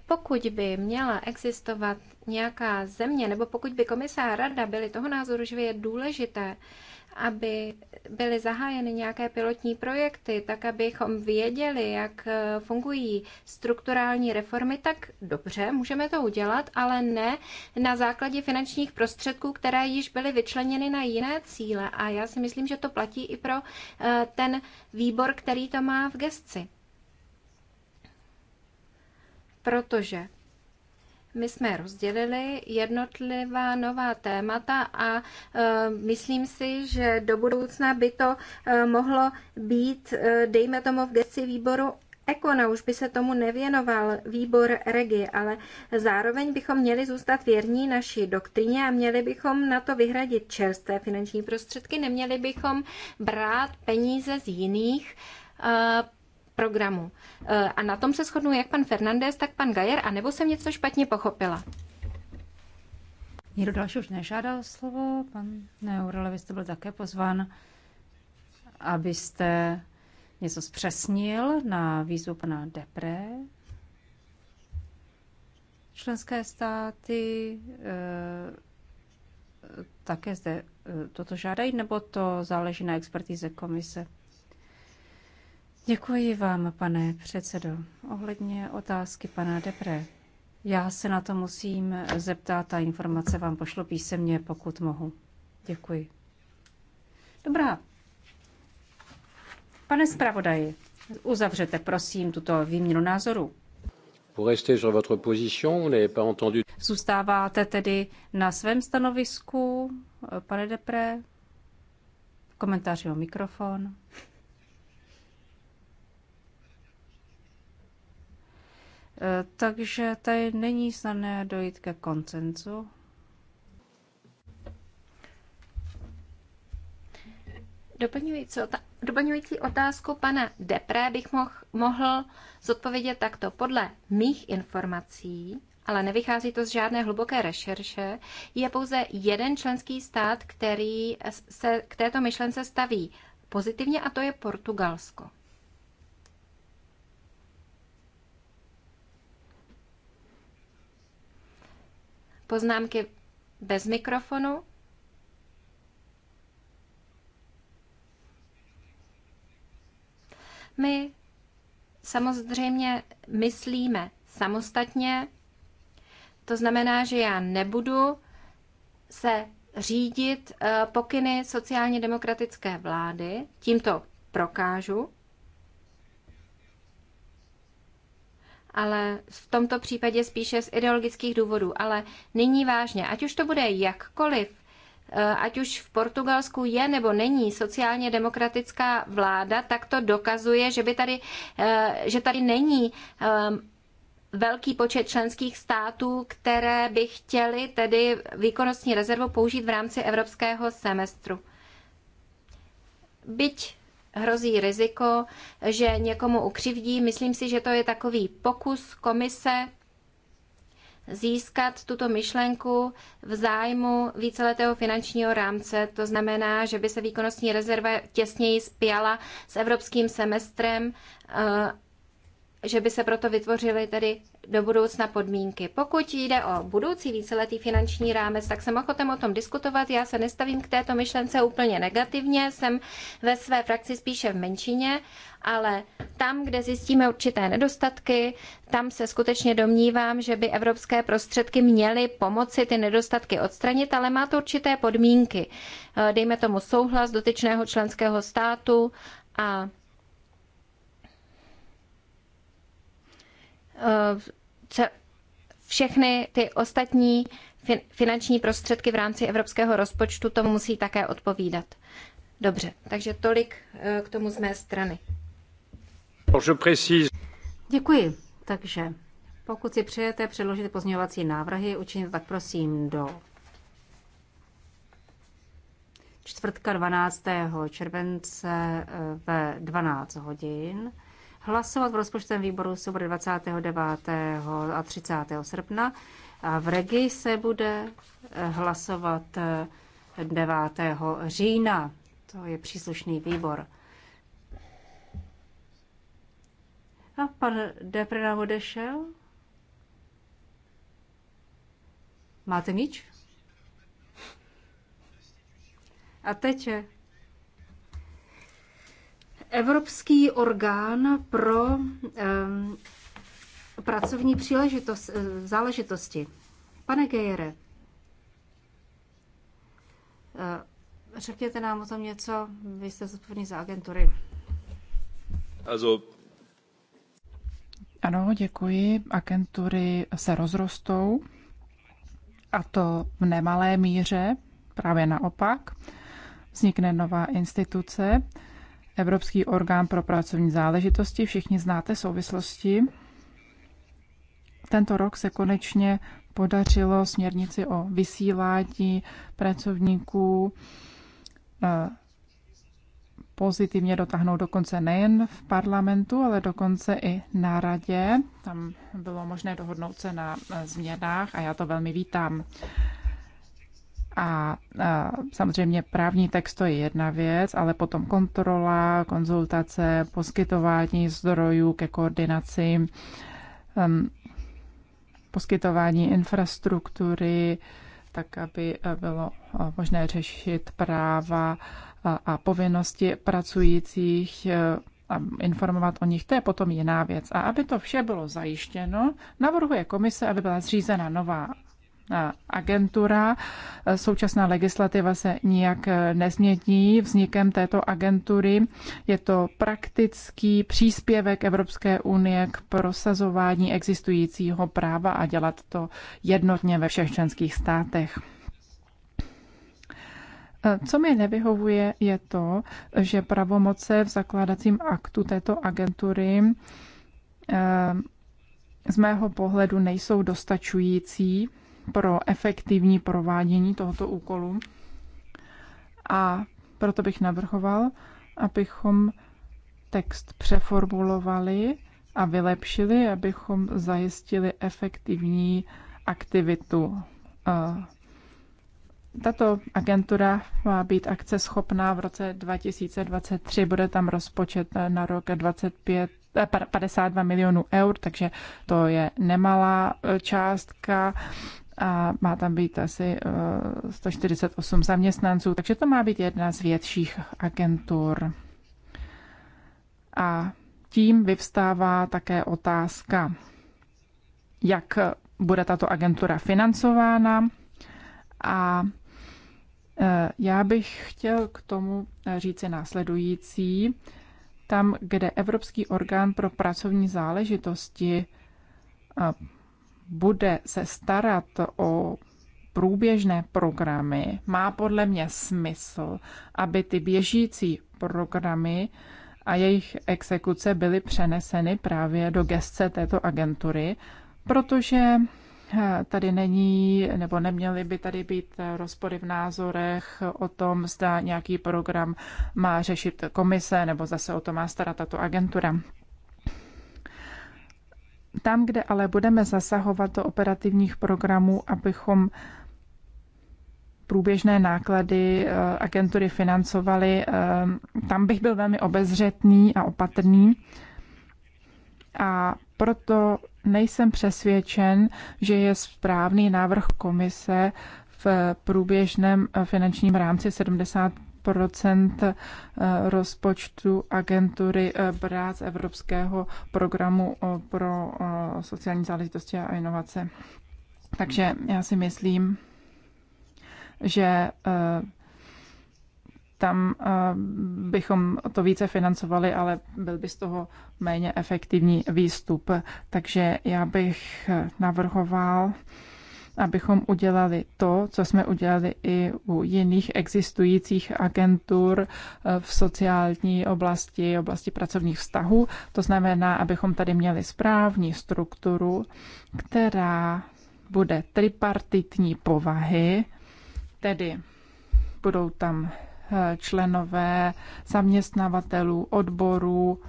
Pokud by měla existovat nějaká země, nebo pokud by komisá rada byly toho názoru, že je důležité, aby byly zahájeny nějaké pilotní projekty, tak abychom věděli, jak eh, fungují strukturální reformy, tak dobře, můžeme to udělat, ale ne na základě finančních prostředků, které již byly vyčleněny na jiné cíle. A já si myslím, že to platí i pro eh, ten výbor, který to má v gesci protože my jsme rozdělili jednotlivá nová témata a e, myslím si, že do budoucna by to e, mohlo být, e, dejme tomu, v gesti výboru Ekona už by se tomu nevěnoval výbor Regi, ale zároveň bychom měli zůstat věrní naší doktríně a měli bychom na to vyhradit čerstvé finanční prostředky, neměli bychom brát peníze z jiných e, programu. Eh, a na tom se shodnou jak pan Fernandez, tak pan Gajer, anebo jsem něco špatně pochopila. Někdo další už nežádal slovo? Pan Neurele, vy jste byl také pozván, abyste něco zpřesnil na výzvu pana Depre. Členské státy e, také zde e, toto žádají, nebo to záleží na expertize komise? Děkuji vám, pane předsedo. Ohledně otázky pana Depre. Já se na to musím zeptat a informace vám pošlu písemně, pokud mohu. Děkuji. Dobrá. Pane zpravodaji, uzavřete prosím tuto výměnu názoru. Zůstáváte tedy na svém stanovisku, pane Depre? Komentář o mikrofon. Eh, takže tady není snadné dojít ke koncenzu. Doplňující, otá- doplňující otázku pana Depré bych moh- mohl zodpovědět takto. Podle mých informací, ale nevychází to z žádné hluboké rešerše, je pouze jeden členský stát, který se k této myšlence staví pozitivně, a to je Portugalsko. poznámky bez mikrofonu. My samozřejmě myslíme samostatně, to znamená, že já nebudu se řídit eh, pokyny sociálně demokratické vlády, tímto prokážu, ale v tomto případě spíše z ideologických důvodů. Ale nyní vážně, ať už to bude jakkoliv, eh, ať už v Portugalsku je nebo není sociálně demokratická vláda, tak to dokazuje, že, by tady, eh, že tady není eh, velký počet členských států, které by chtěly tedy výkonnostní rezervu použít v rámci evropského semestru. Byť hrozí riziko, že někomu ukřivdí. Myslím si, že to je takový pokus komise získat tuto myšlenku v zájmu víceletého finančního rámce. To znamená, že by se výkonnostní rezerva těsněji spjala s evropským semestrem eh, že by se proto vytvořily tedy do budoucna podmínky. Pokud jde o budoucí víceletý finanční rámec, tak jsem ochotem o tom diskutovat. Já se nestavím k této myšlence úplně negativně, jsem ve své frakci spíše v menšině, ale tam, kde zjistíme určité nedostatky, tam se skutečně domnívám, že by evropské prostředky měly pomoci ty nedostatky odstranit, ale má to určité podmínky. Dejme tomu souhlas dotyčného členského státu a Eh, všechny ty ostatní finanční prostředky v rámci evropského rozpočtu tomu musí také odpovídat. Dobře, takže tolik eh, k tomu z mé strany. Děkuji. Takže pokud si přejete předložit pozměňovací návrhy, učiněte tak prosím do čtvrtka 12. července eh, ve 12 hodin hlasovat v rozpočtovém výboru se bude 29. a 30. srpna a v Regi se bude eh, hlasovat 9. Eh, října. To je příslušný výbor. A pan Deprena odešel. Máte míč? A teď eh, Evropský orgán pro pracovní příležitost, eh, záležitosti. Pane Gejere, eh, řekněte nám o tom něco, vy jste zodpovědný za agentury. Also. Ano, děkuji. Agentury se rozrostou a to v nemalé míře, právě naopak. Vznikne nová instituce, Evropský orgán pro pracovní záležitosti. Všichni znáte souvislosti. Tento rok se konečně podařilo směrnici o vysílání pracovníků eh, pozitivně dotáhnout dokonce nejen v parlamentu, ale dokonce i na radě. Tam bylo možné dohodnout se na eh, změnách a já to velmi vítám. A, a samozřejmě právní text to je jedna věc, ale potom kontrola, konzultace, poskytování zdrojů ke koordinaci, um, poskytování infrastruktury, tak aby e, bylo e, možné řešit práva a, a povinnosti pracujících e, a informovat o nich, to je potom jiná věc. A aby to vše bylo zajištěno, navrhuje komise, aby byla zřízena nová agentura. Současná legislativa se nijak e, nezmění vznikem této agentury. Je to praktický příspěvek Evropské unie k prosazování existujícího práva a dělat to jednotně ve všech členských státech. E, co mi nevyhovuje, je to, že pravomoce v zakládacím aktu této agentury e, z mého pohledu nejsou dostačující pro efektivní provádění tohoto úkolu. A proto bych navrhoval, abychom text přeformulovali a vylepšili, abychom zajistili efektivní aktivitu. Tato agentura má být akce schopná v roce 2023, bude tam rozpočet na rok 25, 52 eh, milionů eur, takže to je nemalá eh, částka a má tam být asi 148 eh, zaměstnanců, takže to má být jedna z větších agentur. A tím vyvstává také otázka, jak bude tato agentura financována a eh, já bych chtěl k tomu eh, říci následující. Tam, kde Evropský orgán pro pracovní záležitosti bude se starat o průběžné programy, má podle mě smysl, aby ty běžící programy a jejich exekuce byly přeneseny právě do gestce této agentury, protože eh, tady není, nebo neměly by tady být eh, rozpory v názorech o tom, zda nějaký program má řešit komise, nebo zase o to má starat tato agentura. Tam, kde ale budeme zasahovat do operativních programů, abychom průběžné náklady eh, agentury financovali, eh, tam bych byl velmi obezřetný a opatrný. A proto nejsem přesvědčen, že je správný návrh komise v průběžném eh, finančním rámci 70. Eh, rozpočtu agentury eh, brát z Evropského programu eh, pro sociální záležitosti a inovace. Takže já si myslím, že tam bychom to více financovali, ale byl by z toho méně efektivní výstup. Takže já bych navrhoval, abychom udělali to, co jsme udělali i u jiných existujících agentur eh, v sociální oblasti, oblasti pracovních vztahů. To znamená, abychom tady měli správní strukturu, která bude tripartitní povahy, tedy budou tam eh, členové zaměstnavatelů, odborů,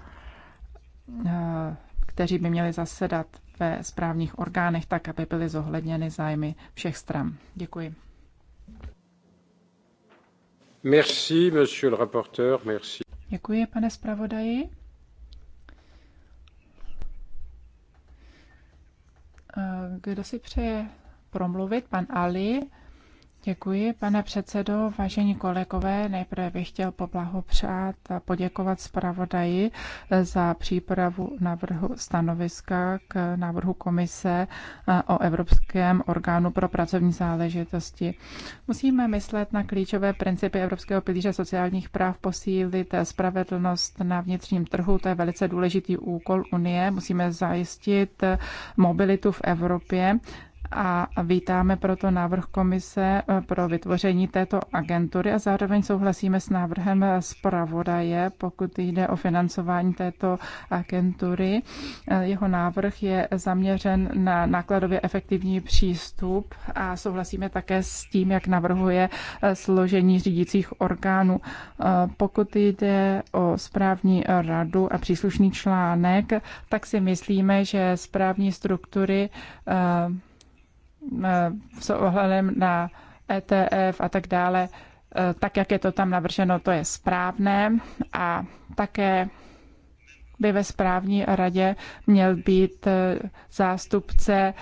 eh, kteří by měli zasedat ve správních orgánech, tak aby byly zohledněny zájmy všech stran. Děkuji. Merci, monsieur le rapporteur, merci. Děkuji, pane zpravodaji. Eh, kdo si přeje promluvit? Pan Ali. Děkuji, pane předsedo, vážení kolegové. Nejprve bych chtěl poblahopřát a poděkovat zpravodaji za přípravu návrhu stanoviska k návrhu komise o Evropském orgánu pro pracovní záležitosti. Musíme myslet na klíčové principy Evropského pilíře sociálních práv, posílit spravedlnost na vnitřním trhu. To je velice důležitý úkol Unie. Musíme zajistit mobilitu v Evropě a vítáme proto návrh komise eh, pro vytvoření této agentury a zároveň souhlasíme s návrhem zpravodaje, pokud jde o financování této agentury. Eh, jeho návrh je zaměřen na nákladově efektivní přístup a souhlasíme také s tím, jak navrhuje eh, složení řídících orgánů. Pokud jde o správní radu a příslušný článek, tak si myslíme, že správní struktury Eh, s ohledem na ETF a tak dále, eh, tak jak je to tam navrženo, to je správné a také by ve správní radě měl být eh, zástupce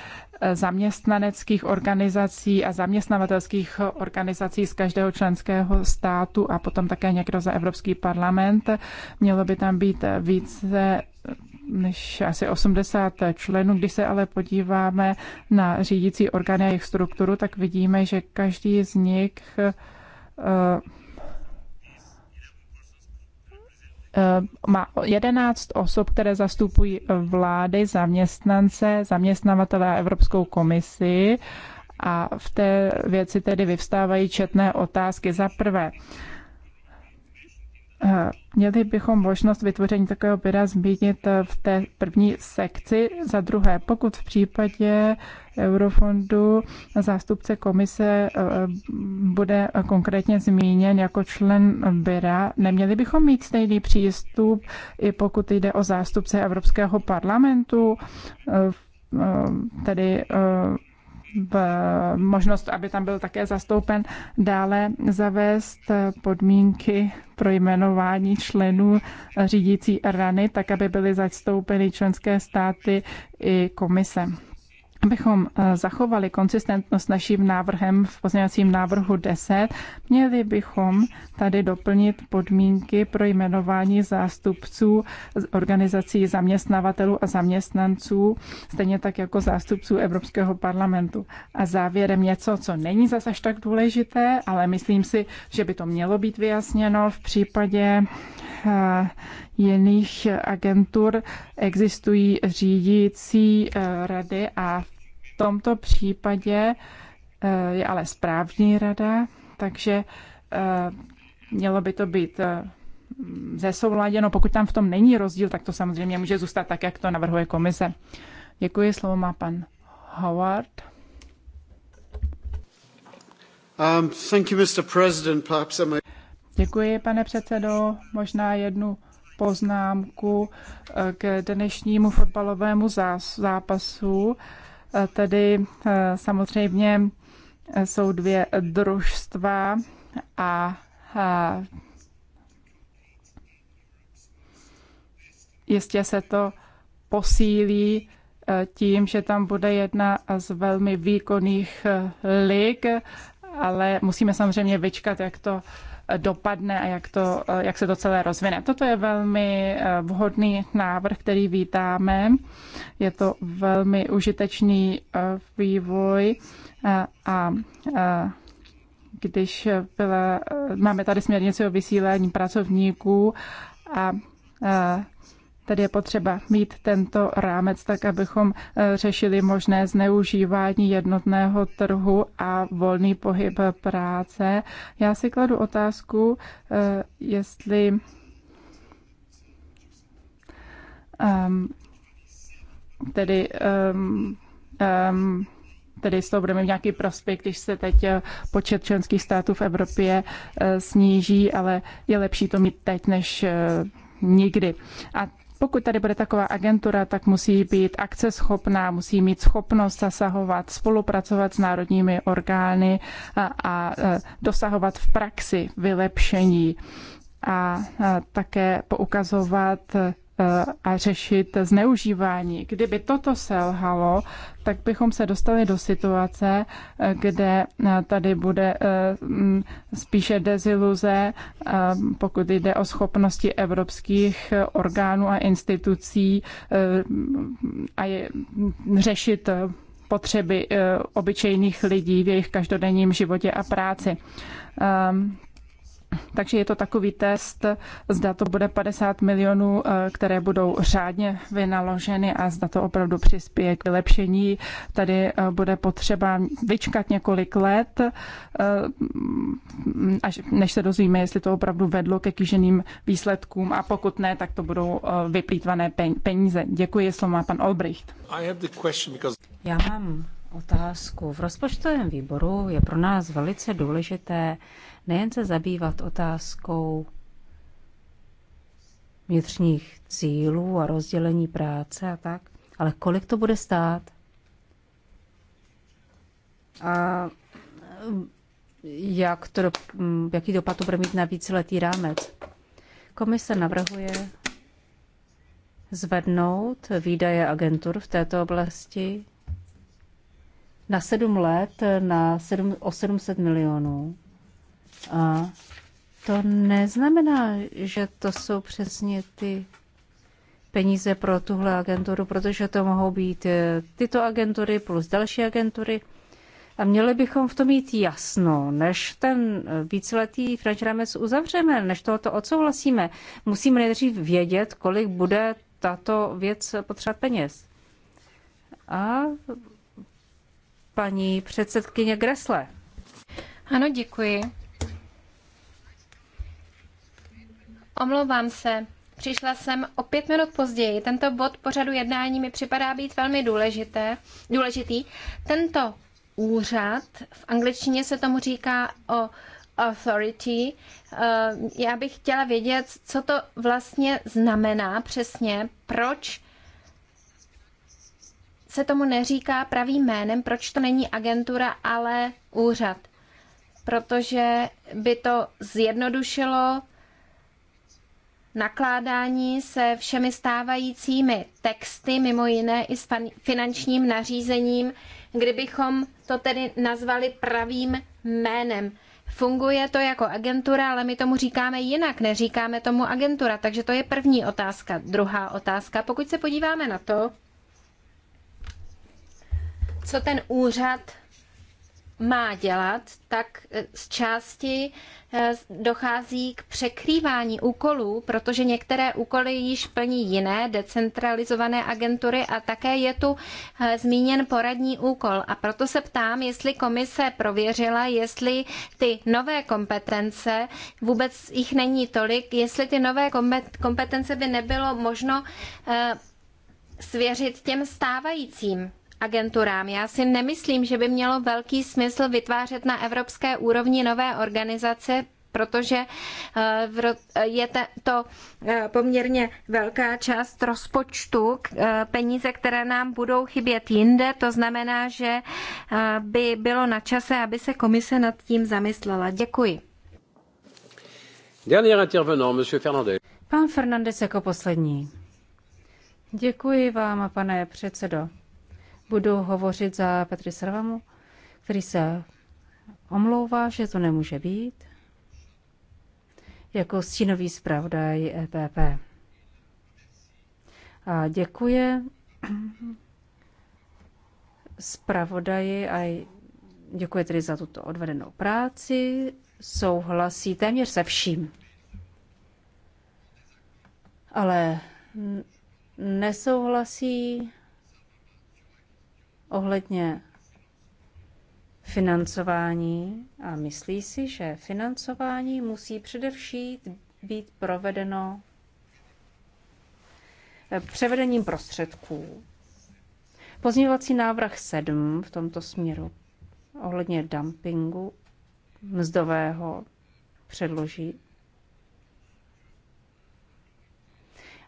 zaměstnaneckých organizací a zaměstnavatelských organizací z každého členského státu a potom také někdo za Evropský parlament. Mělo by tam být více než asi 80 členů. Když se ale podíváme na řídící orgány a jejich strukturu, tak vidíme, že každý z nich eh, eh, má 11 osob, které zastupují vlády, zaměstnance, zaměstnavatele a Evropskou komisi. A v té věci tedy vyvstávají četné otázky. Za prvé, Eh, měli bychom možnost vytvoření takového byra zmínit eh, v té první sekci. Za druhé, pokud v případě Eurofondu zástupce komise eh, bude konkrétně zmíněn jako člen byra, neměli bychom mít stejný přístup, i pokud jde o zástupce Evropského parlamentu, tedy možnost, aby tam byl také zastoupen, dále zavést eh, podmínky pro jmenování členů řídící rany, tak aby byly zastoupeny členské státy i komise abychom eh, zachovali konsistentnost naším návrhem v pozměňovacím návrhu 10, měli bychom tady doplnit podmínky pro jmenování zástupců organizací zaměstnavatelů a zaměstnanců, stejně tak jako zástupců Evropského parlamentu. A závěrem něco, co není zase až tak důležité, ale myslím si, že by to mělo být vyjasněno v případě eh, jiných agentur existují řídící eh, rady a v tomto případě eh, je ale správní rada, takže eh, mělo by to být zesouladěno. Pokud tam v tom není rozdíl, tak to samozřejmě může zůstat tak, jak to navrhuje komise. Děkuji, slovo má pan Howard. Um, thank you, Mr. President. Perhaps I... Děkuji, pane předsedo. Možná jednu poznámku eh, k dnešnímu fotbalovému zápasu. Eh, tedy eh, samozřejmě jsou dvě družstva a jistě se to posílí tím, že tam bude jedna z velmi výkonných lig, ale musíme samozřejmě vyčkat, jak to dopadne a jak, to, jak se to celé rozvine. Toto je velmi eh, vhodný návrh, který vítáme. Je to velmi užitečný eh, vývoj eh, a, a, když byla, máme tady směrnici o vysílání pracovníků a, a Tady je potřeba mít tento rámec tak, abychom eh, řešili možné zneužívání jednotného trhu a volný pohyb práce. Já si kladu otázku, eh, jestli ehm, tedy ehm, ehm, tedy z toho budeme mít nějaký prospěch, když se teď eh, počet členských států v Evropě sníží, ale je lepší to mít teď než nikdy. A pokud tady bude taková agentura, tak musí být akceschopná, musí mít schopnost zasahovat, spolupracovat s národními orgány a, a dosahovat v praxi vylepšení a také poukazovat a řešit zneužívání. Kdyby toto selhalo, tak bychom se dostali do situace, kde eh, tady bude eh, mm, spíše deziluze, eh, pokud jde o schopnosti evropských orgánů a institucí a je, mm, řešit potřeby obyčejných lidí v jejich každodenním životě a práci. Ehm, takže je to takový test, zda to bude 50 milionů, eh, které budou řádně vynaloženy a zda to opravdu přispěje k vylepšení. Tady eh, bude potřeba vyčkat několik let, eh, až, než se dozvíme, jestli to opravdu vedlo ke kýženým výsledkům a pokud ne, tak to budou vyplýtvané peníze. Děkuji, slovo má pan Olbricht. Já mám otázku. V rozpočtovém výboru je pro nás velice důležité, nejen se zabývat otázkou vnitřních cílů a rozdělení práce a tak, ale kolik to bude stát. A mm, jak to, mm, jaký dopad to bude mít na víceletý rámec. Komise navrhuje zvednout výdaje agentur v této oblasti na sedm let na 7, o 700 milionů. A to neznamená, že to jsou přesně ty peníze pro tuhle agenturu, protože to mohou být eh, tyto agentury plus další agentury. A měli bychom v tom mít jasno, než ten eh, víceletý finanční uzavřeme, než tohoto odsouhlasíme. Musíme nejdřív vědět, kolik bude tato věc potřebovat peněz. A paní předsedkyně Gresle. Ano, děkuji. Omlouvám se, Přišla jsem o pět minut později. Tento bod pořadu jednání mi připadá být velmi důležité, důležitý. Tento úřad, v angličtině se tomu říká o authority, eh, já bych chtěla vědět, co to vlastně znamená přesně, proč se tomu neříká pravým jménem, proč to není agentura, ale úřad. Protože by to zjednodušilo nakládání se všemi stávajícími texty, mimo jiné i s finančním nařízením, kdybychom to tedy nazvali pravým jménem. Funguje to jako agentura, ale my tomu říkáme jinak, neříkáme tomu agentura, takže to je první otázka. Druhá otázka, pokud se podíváme na to, co ten úřad má dělat, tak eh, z části eh, dochází k překrývání úkolů, protože některé úkoly již plní jiné decentralizované agentury a také je tu eh, zmíněn poradní úkol. A proto se ptám, jestli komise prověřila, jestli ty nové kompetence, vůbec jich není tolik, jestli ty nové kompetence by nebylo možno svěřit těm stávajícím agenturám. Já si nemyslím, že by mělo velký smysl vytvářet na evropské úrovni nové organizace, protože eh, je to eh, poměrně velká část rozpočtu, eh, peníze, které nám budou chybět jinde, to znamená, že by bylo na čase, aby se komise nad tím zamyslela. Děkuji. Pan Fernandez jako poslední. Děkuji vám, pane předsedo. Budu hovořit za Petry Srvamu, který se omlouvá, že to nemůže být, jako stínový zpravodaj EPP. A děkuje zpravodaji a děkuje tedy za tuto odvedenou práci. Souhlasí téměř se vším. Ale nesouhlasí ohledně financování a myslí si, že financování musí především být provedeno eh, převedením prostředků. Pozměňovací návrh 7 v tomto směru ohledně dumpingu mzdového předloží.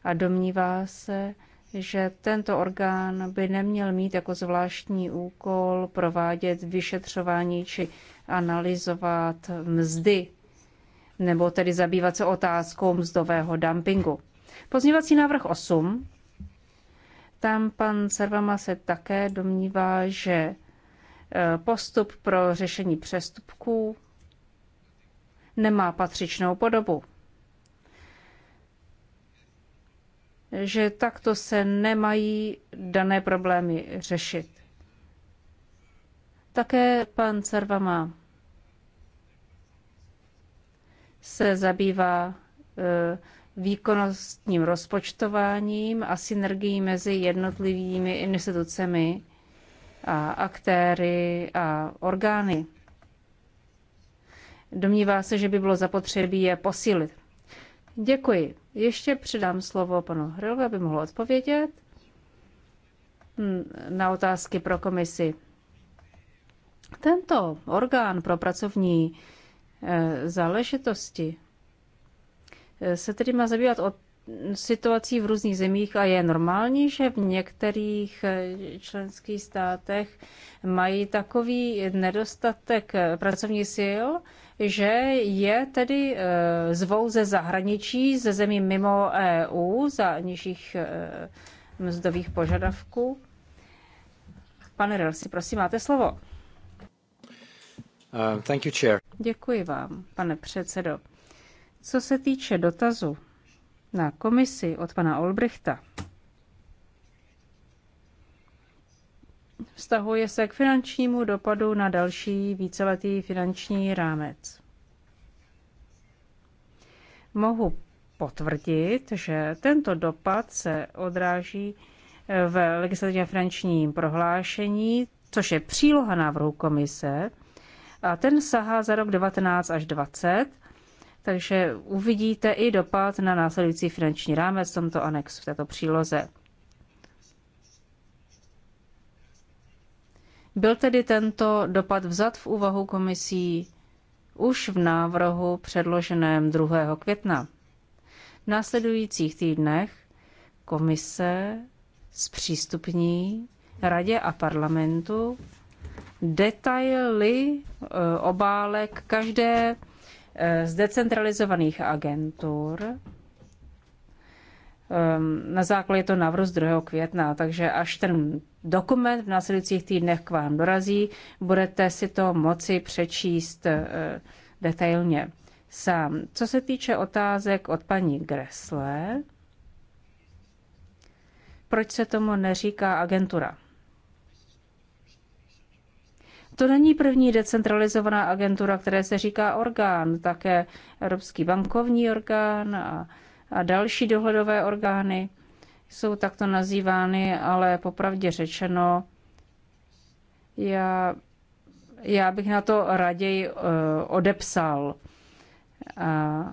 A domnívá se, že tento orgán by neměl mít jako zvláštní úkol provádět vyšetřování či analyzovat mzdy, nebo tedy zabývat se otázkou mzdového dumpingu. Pozměvací návrh 8. Tam pan Servama se také domnívá, že e, postup pro řešení přestupků nemá patřičnou podobu. že takto se nemají dané problémy řešit. Také pan Cervama se zabývá e, výkonnostním rozpočtováním a synergií mezi jednotlivými institucemi a aktéry a orgány. Domnívá se, že by bylo zapotřebí je posílit. Děkuji. Ještě předám slovo panu Hrilu, aby mohl odpovědět hmm, na otázky pro komisi. Tento orgán pro pracovní eh, záležitosti eh, se tedy má zabývat od situací v různých zemích a je normální, že v některých eh, členských státech mají takový nedostatek pracovních sil, že je tedy eh, zvou ze zahraničí, ze zemí mimo EU, za nižších eh, mzdových požadavků. Pane Relsi, prosím, máte slovo. Uh, thank you, chair. Děkuji vám, pane předsedo. Co se týče dotazu na komisi od pana Olbrichta, vztahuje se k finančnímu dopadu na další víceletý finanční rámec. Mohu potvrdit, že tento dopad se odráží v legislativně finančním prohlášení, což je příloha návrhu komise, a ten sahá za rok 19 až 20, takže uvidíte i dopad na následující finanční rámec v tomto anexu, v této příloze. Byl tedy tento dopad vzat v úvahu komisí už v návrhu předloženém 2. května. V následujících týdnech komise zpřístupní radě a parlamentu detaily eh, obálek každé eh, z decentralizovaných agentur Ehm, na základě to návrhu 2. května, takže až ten dokument v následujících týdnech k vám dorazí, budete si to moci přečíst eh, detailně sám. Co se týče otázek od paní Gresle, proč se tomu neříká agentura? To není první decentralizovaná agentura, které se říká orgán, také Evropský bankovní orgán a a další dohledové orgány jsou takto nazývány, ale popravdě řečeno, já, já bych na to raději uh, odepsal. A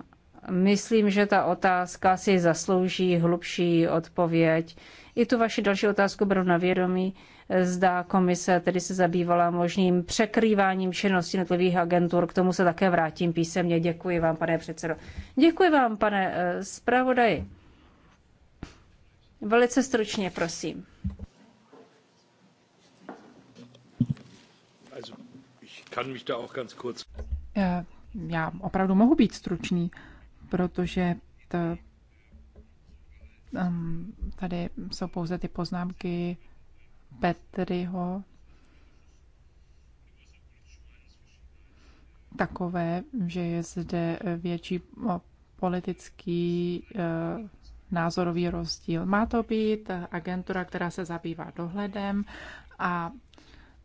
myslím, že ta otázka si zaslouží hlubší odpověď. I tu vaši další otázku beru na vědomí Zda komise tedy se zabývala možným překrýváním činnosti jednotlivých agentur. K tomu se také vrátím písemně. Děkuji vám, pane předsedo. Děkuji vám, pane eh, zpravodaji. Velice stručně, prosím. Eh, já opravdu mohu být stručný, protože to, ehm, tady jsou pouze ty poznámky Petriho takové, že je zde větší no, politický eh, názorový rozdíl. Má to být agentura, která se zabývá dohledem a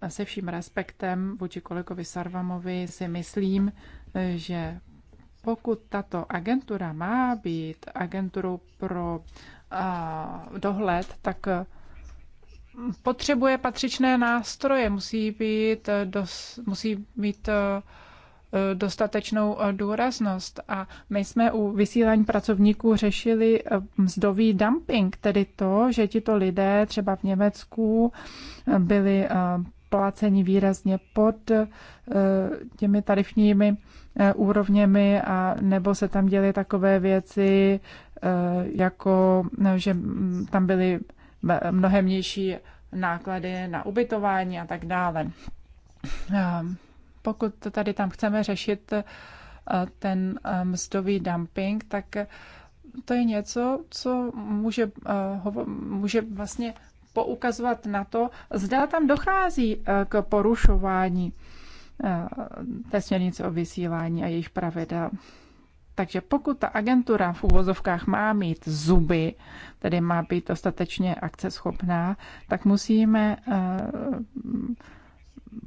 se vším respektem vůči kolegovi Sarvamovi si myslím, že pokud tato agentura má být agenturou pro eh, dohled, tak potřebuje patřičné nástroje, musí, být eh, dos, musí mít eh, eh, dostatečnou důraznost. A my jsme u vysílání pracovníků řešili mzdový dumping, tedy to, že tito lidé třeba v Německu byli placeni výrazně pod těmi tarifními úrovněmi a nebo se tam děly takové věci, jako že mm, tam byly mnohem nižší náklady na ubytování a tak dále. Pokud tady tam chceme řešit eh, ten eh, mzdový dumping, tak eh, to je něco, co může, může vlastně poukazovat na to, zda tam dochází k porušování té směrnice o vysílání a jejich pravidel. Takže pokud ta agentura v uvozovkách má mít zuby, tedy má být dostatečně akceschopná, tak musíme eh,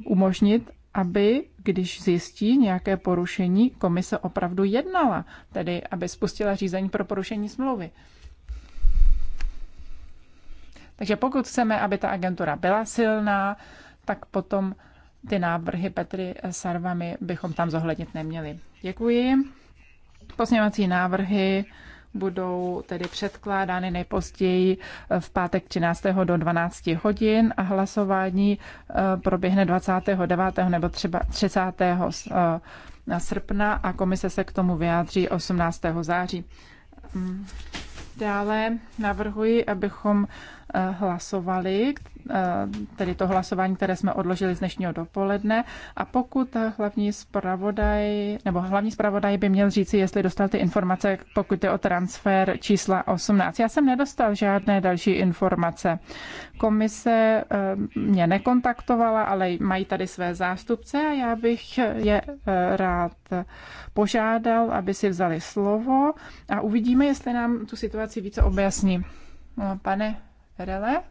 umožnit, aby, když zjistí nějaké porušení, komise opravdu jednala, tedy aby spustila řízení pro porušení smlouvy. Takže pokud chceme, aby ta agentura byla silná, tak potom ty návrhy Petry Sarvami bychom tam zohlednit neměli. Děkuji. Pozměňovací návrhy budou tedy předkládány nejpozději v pátek 13. do 12 hodin a hlasování eh, proběhne 29. nebo třeba 30. Eh, srpna a komise se k tomu vyjádří 18. září. Mm. Dále navrhuji, abychom hlasovali, eh, tedy to hlasování, které jsme odložili z dnešního dopoledne. A pokud hlavní zpravodaj, nebo hlavní zpravodaj by měl říci, jestli dostal ty informace, pokud je o transfer čísla 18. Já jsem nedostal žádné další informace. Komise eh, mě nekontaktovala, ale mají tady své zástupce a já bych je eh, rád požádal, aby si vzali slovo a uvidíme, jestli nám tu situaci více objasní. Pane Rele.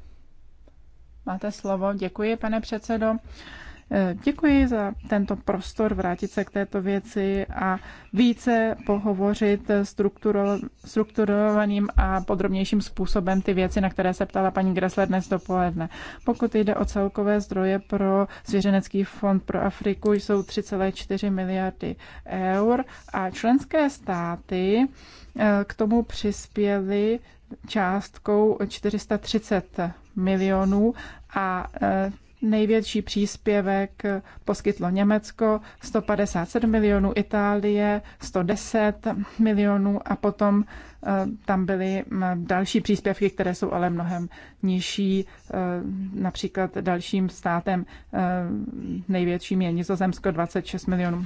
Máte slovo. Děkuji, pane předsedo. Eh, děkuji za tento prostor vrátit se k této věci a více pohovořit strukturovaným a podrobnějším způsobem ty věci, na které se ptala paní Gressler dnes dopoledne. Pokud jde o celkové zdroje pro Svěřenecký fond pro Afriku, jsou 3,4 miliardy eur a členské státy eh, k tomu přispěly částkou 430 milionů a e, největší příspěvek poskytlo Německo 157 milionů, Itálie 110 milionů a potom e, tam byly další příspěvky, které jsou ale mnohem nižší. E, například dalším státem největším je Nizozemsko 26 milionů.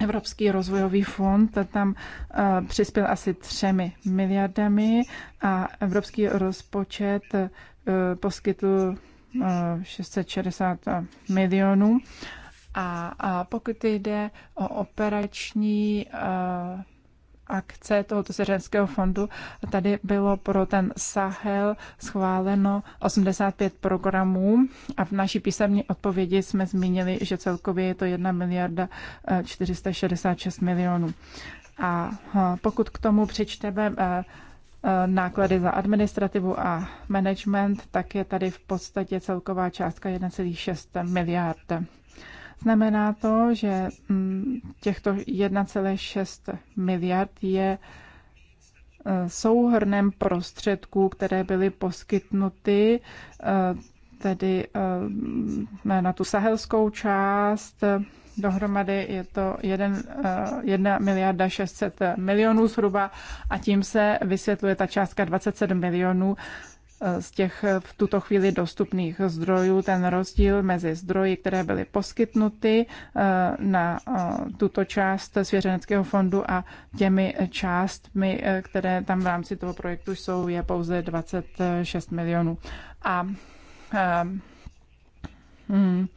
Evropský rozvojový fond tam eh, přispěl asi třemi miliardami a evropský rozpočet eh, poskytl 660 eh, milionů. A, pokud jde o operační akce tohoto syřanského fondu. Tady bylo pro ten Sahel schváleno 85 programů a v naší písemní odpovědi jsme zmínili, že celkově je to 1 miliarda 466 eh, milionů. A eh, pokud k tomu přečteme eh, náklady za administrativu a management, tak je tady v podstatě celková částka 1,6 miliard. Znamená to, že mm, těchto 1,6 miliard je e, souhrnem prostředků, které byly poskytnuty e, tedy e, na tu sahelskou část. Dohromady je to 1, 1 miliarda 600 milionů zhruba a tím se vysvětluje ta částka 27 milionů z těch v tuto chvíli dostupných zdrojů ten rozdíl mezi zdroji, které byly poskytnuty eh, na eh, tuto část svěřeneckého fondu a těmi částmi, eh, které tam v rámci toho projektu jsou, je pouze 26 milionů. A, a hmm,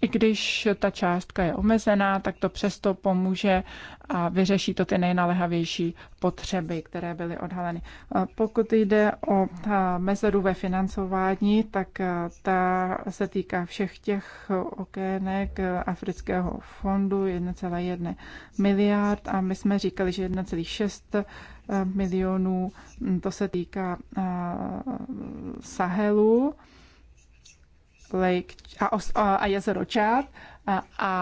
i když ta částka je omezená, tak to přesto pomůže a vyřeší to ty nejnalehavější potřeby, které byly odhaleny. Pokud jde o mezeru ve financování, tak ta se týká všech těch okének Afrického fondu 1,1 miliard a my jsme říkali, že 1,6 milionů to se týká Sahelu Lake a, os, a, a jezero Čát a, a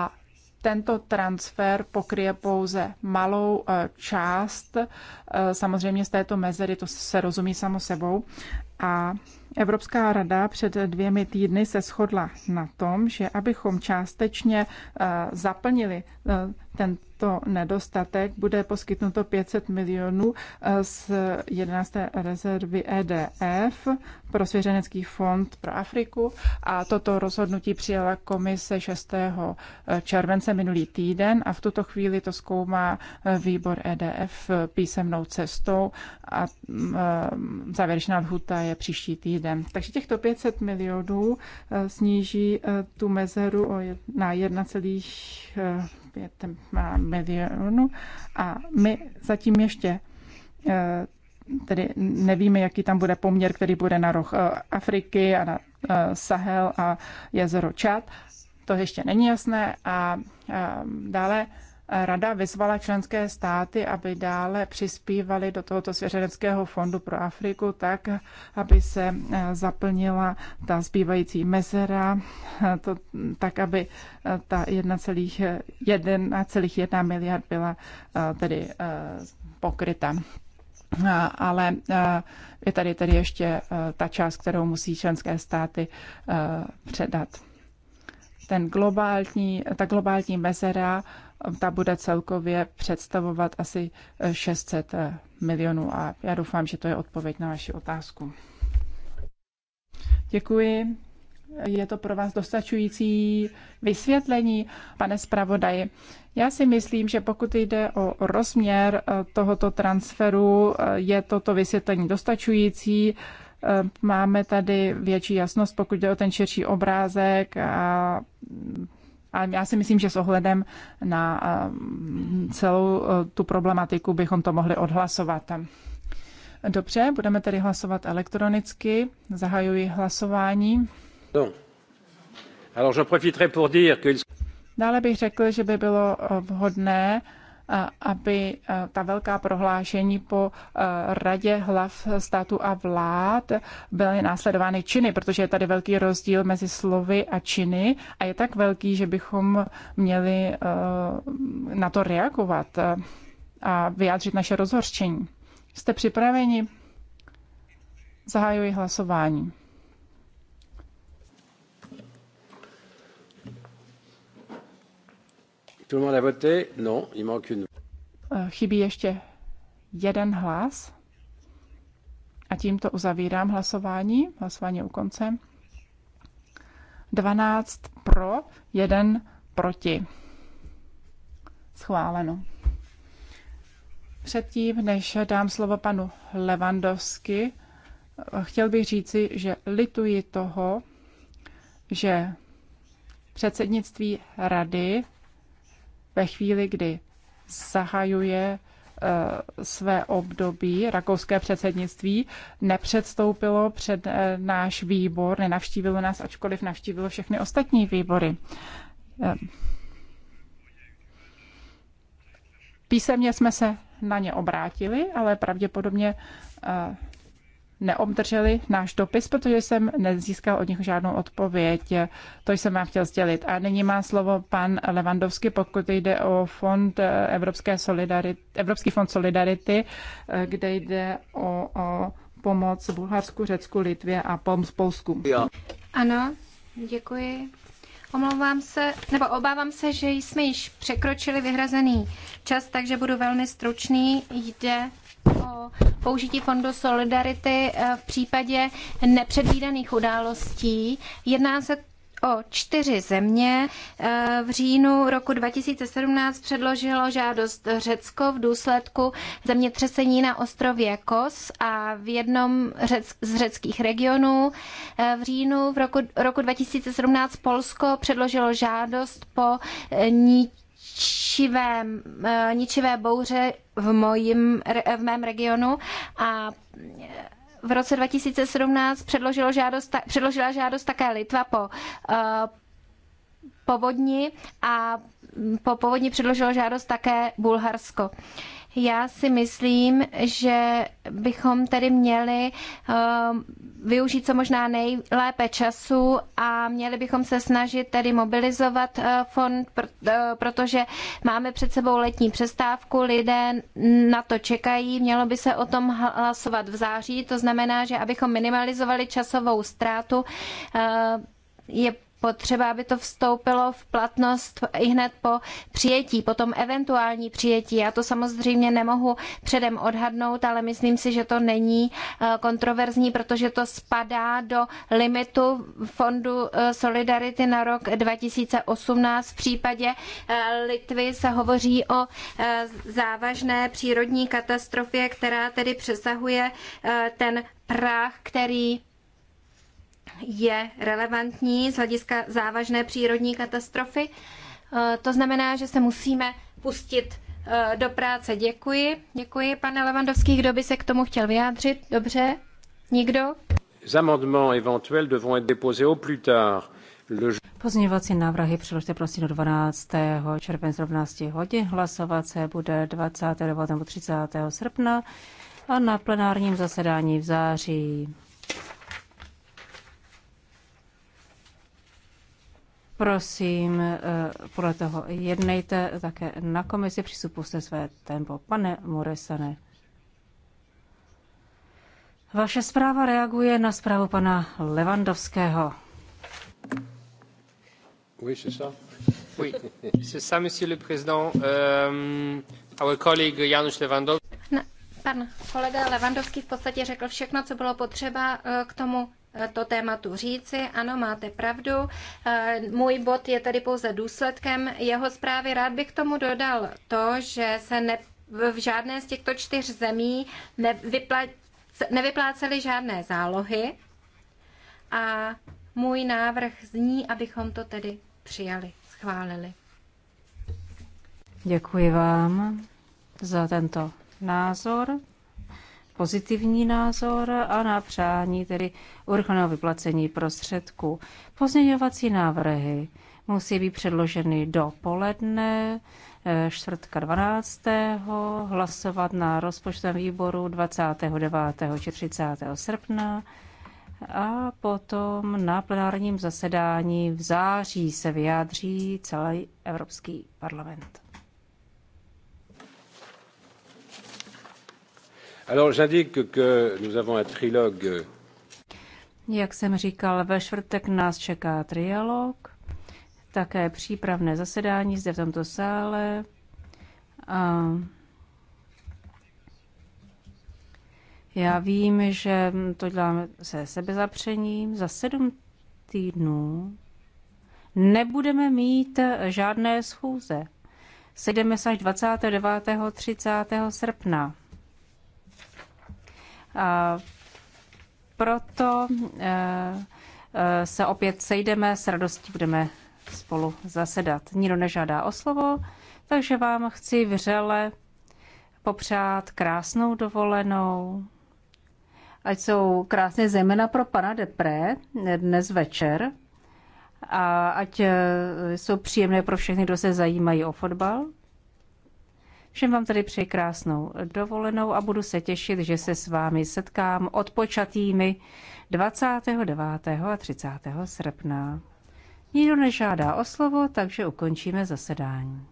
tento transfer pokryje pouze malou e, část. E, samozřejmě z této mezery to se rozumí samo sebou. A Evropská rada před dvěmi týdny se shodla na tom, že abychom částečně eh, zaplnili eh, tento nedostatek, bude poskytnuto 500 milionů eh, z 11. rezervy EDF pro Svěřenecký fond pro Afriku a toto rozhodnutí přijala komise 6. července minulý týden a v tuto chvíli to zkoumá výbor EDF písemnou cestou a mm, závěrečná lhuta je příští týden lidem. Takže těchto 500 milionů eh, sníží eh, tu mezeru na 1,5 eh, milionu a my zatím ještě tedy nevíme, jaký tam bude poměr, který bude na roh Afriky a na Sahel a jezero Čad. To ještě není jasné a dále Rada vyzvala členské státy, aby dále přispívali do tohoto svěřeneckého fondu pro Afriku tak, aby se eh, zaplnila ta zbývající mezera, eh, to, tak, aby eh, ta 1,1 miliard byla tedy pokryta. Ale je tady tedy ještě ta část, kterou musí členské státy předat. Ten globální, ta globální mezera ta bude celkově představovat asi 600 eh, eh, milionů a já doufám, že to je odpověď na vaši otázku. Děkuji. Je to pro vás dostačující vysvětlení, pane zpravodaji. Já si myslím, že pokud jde o rozměr eh, tohoto transferu, je toto vysvětlení dostačující. Máme tady větší jasnost, pokud jde o ten širší obrázek a a já si myslím, že s ohledem na eh, celou eh, tu problematiku bychom to mohli odhlasovat. Dobře, budeme tedy hlasovat elektronicky. Zahajuji hlasování. No. Alors, Dále bych řekl, že by bylo eh, vhodné aby ta velká prohlášení po radě hlav státu a vlád byly následovány činy, protože je tady velký rozdíl mezi slovy a činy a je tak velký, že bychom měli na to reagovat a vyjádřit naše rozhorčení. Jste připraveni? Zahajuji hlasování. Tout le monde a voté? Non, il manque une. Eh, chybí ještě jeden hlas. A tímto uzavírám hlasování. Hlasování u konce. 12 pro, 1 proti. Schváleno. Předtím, než dám slovo panu Levandovsky, eh, chtěl bych říci, že lituji toho, že předsednictví rady ve chvíli, kdy zahajuje eh, své období, rakouské předsednictví, nepředstoupilo před eh, náš výbor, nenavštívilo nás, ačkoliv navštívilo všechny ostatní výbory. Eh, písemně jsme se na ně obrátili, ale pravděpodobně neobdrželi náš dopis, protože jsem nezískal od nich žádnou odpověď. To jsem vám chtěl sdělit. A nyní má slovo pan Levandovský, pokud jde o fond eh, Evropské solidarity, Evropský fond Solidarity, eh, kde jde o, o pomoc Bulharsku, Řecku, Litvě a pomoc Polsku. Ano, děkuji. Omlouvám se, nebo obávám se, že jsme již překročili vyhrazený čas, takže budu velmi stručný. Jde o použití fondu Solidarity eh, v případě nepředvídaných událostí. Jedná se o čtyři země. Eh, v říjnu roku 2017 předložilo žádost Řecko v důsledku zemětřesení na ostrově Kos a v jednom z řeckých regionů. Eh, v říjnu v roku, roku 2017 Polsko předložilo žádost po ní ničivé, eh, ničivé bouře v, mojim, v mém regionu a eh, v roce 2017 předložilo žádost, předložila žádost také Litva po eh, povodni a mm, po povodni předložilo žádost také Bulharsko. Uh, já si myslím, že bychom tedy měli eh, využít co možná nejlépe času a měli bychom se snažit tedy mobilizovat eh, fond, eh, protože máme před sebou letní přestávku, lidé na to čekají, mělo by se o tom hlasovat v září, to znamená, že abychom minimalizovali časovou ztrátu, je potřeba, aby to vstoupilo v platnost i hned po přijetí, potom eventuální přijetí. Já to samozřejmě nemohu předem odhadnout, ale myslím si, že to není eh, kontroverzní, protože to spadá do limitu Fondu eh, Solidarity na rok 2018. V případě eh, Litvy se hovoří o závažné přírodní katastrofě, která tedy přesahuje ten práh, který je relevantní z hlediska závažné přírodní katastrofy. Eh, to znamená, že se musíme pustit eh, do práce. Děkuji. Děkuji, pane Levandovský. Kdo by se k tomu chtěl vyjádřit? Dobře. Nikdo? Pozměňovací návrhy přiložte prosím do 12. červen z 12 hodin. Hlasovat se bude 29. nebo 30. srpna a na plenárním zasedání v září. Prosím, eh, podle toho jednejte také na komisi, přistupujte své tempo. Pane Moresane, vaše zpráva reaguje na zprávu pana Levandovského. Oui, c'est ça. Oui, c'est ça, monsieur le président. Um, our colleague Janusz Lewandowski. Pan kolega Levandovský v podstatě řekl všechno, co bylo potřeba eh, k tomu to tématu říci. Ano, máte pravdu. Eh, můj bod je tady pouze důsledkem jeho zprávy. Rád bych k tomu dodal to, že se ne, v žádné z těchto čtyř zemí nevypla, nevyplácely žádné zálohy a můj návrh zní, abychom to tedy přijali, schválili. Děkuji vám za tento názor pozitivní názor a na přání tedy urychleného vyplacení prostředků. Pozměňovací návrhy musí být předloženy do poledne eh, čtvrtka 12. hlasovat na rozpočtovém výboru 29. či 30. srpna a potom na plenárním zasedání v září se vyjádří celý Evropský parlament. Alors j'indique que nous avons un trilogue. Jak jsem říkal, ve čtvrtek nás čeká trialog, také přípravné zasedání zde v tomto sále. A já vím, že to děláme se sebezapřením. Za sedm týdnů nebudeme mít žádné schůze. Sejdeme se až 29. 30. srpna. A proto eh, eh, se opět sejdeme, s radostí budeme spolu zasedat. Nikdo nežádá o slovo, takže vám chci vřele popřát krásnou dovolenou. Ať jsou krásné zejména pro pana Depré dnes večer a ať eh, jsou příjemné pro všechny, kdo se zajímají o fotbal. Všem vám tedy přeji krásnou dovolenou a budu se těšit, že se s vámi setkám odpočatými 29. a 30. srpna. Nikdo nežádá o slovo, takže ukončíme zasedání.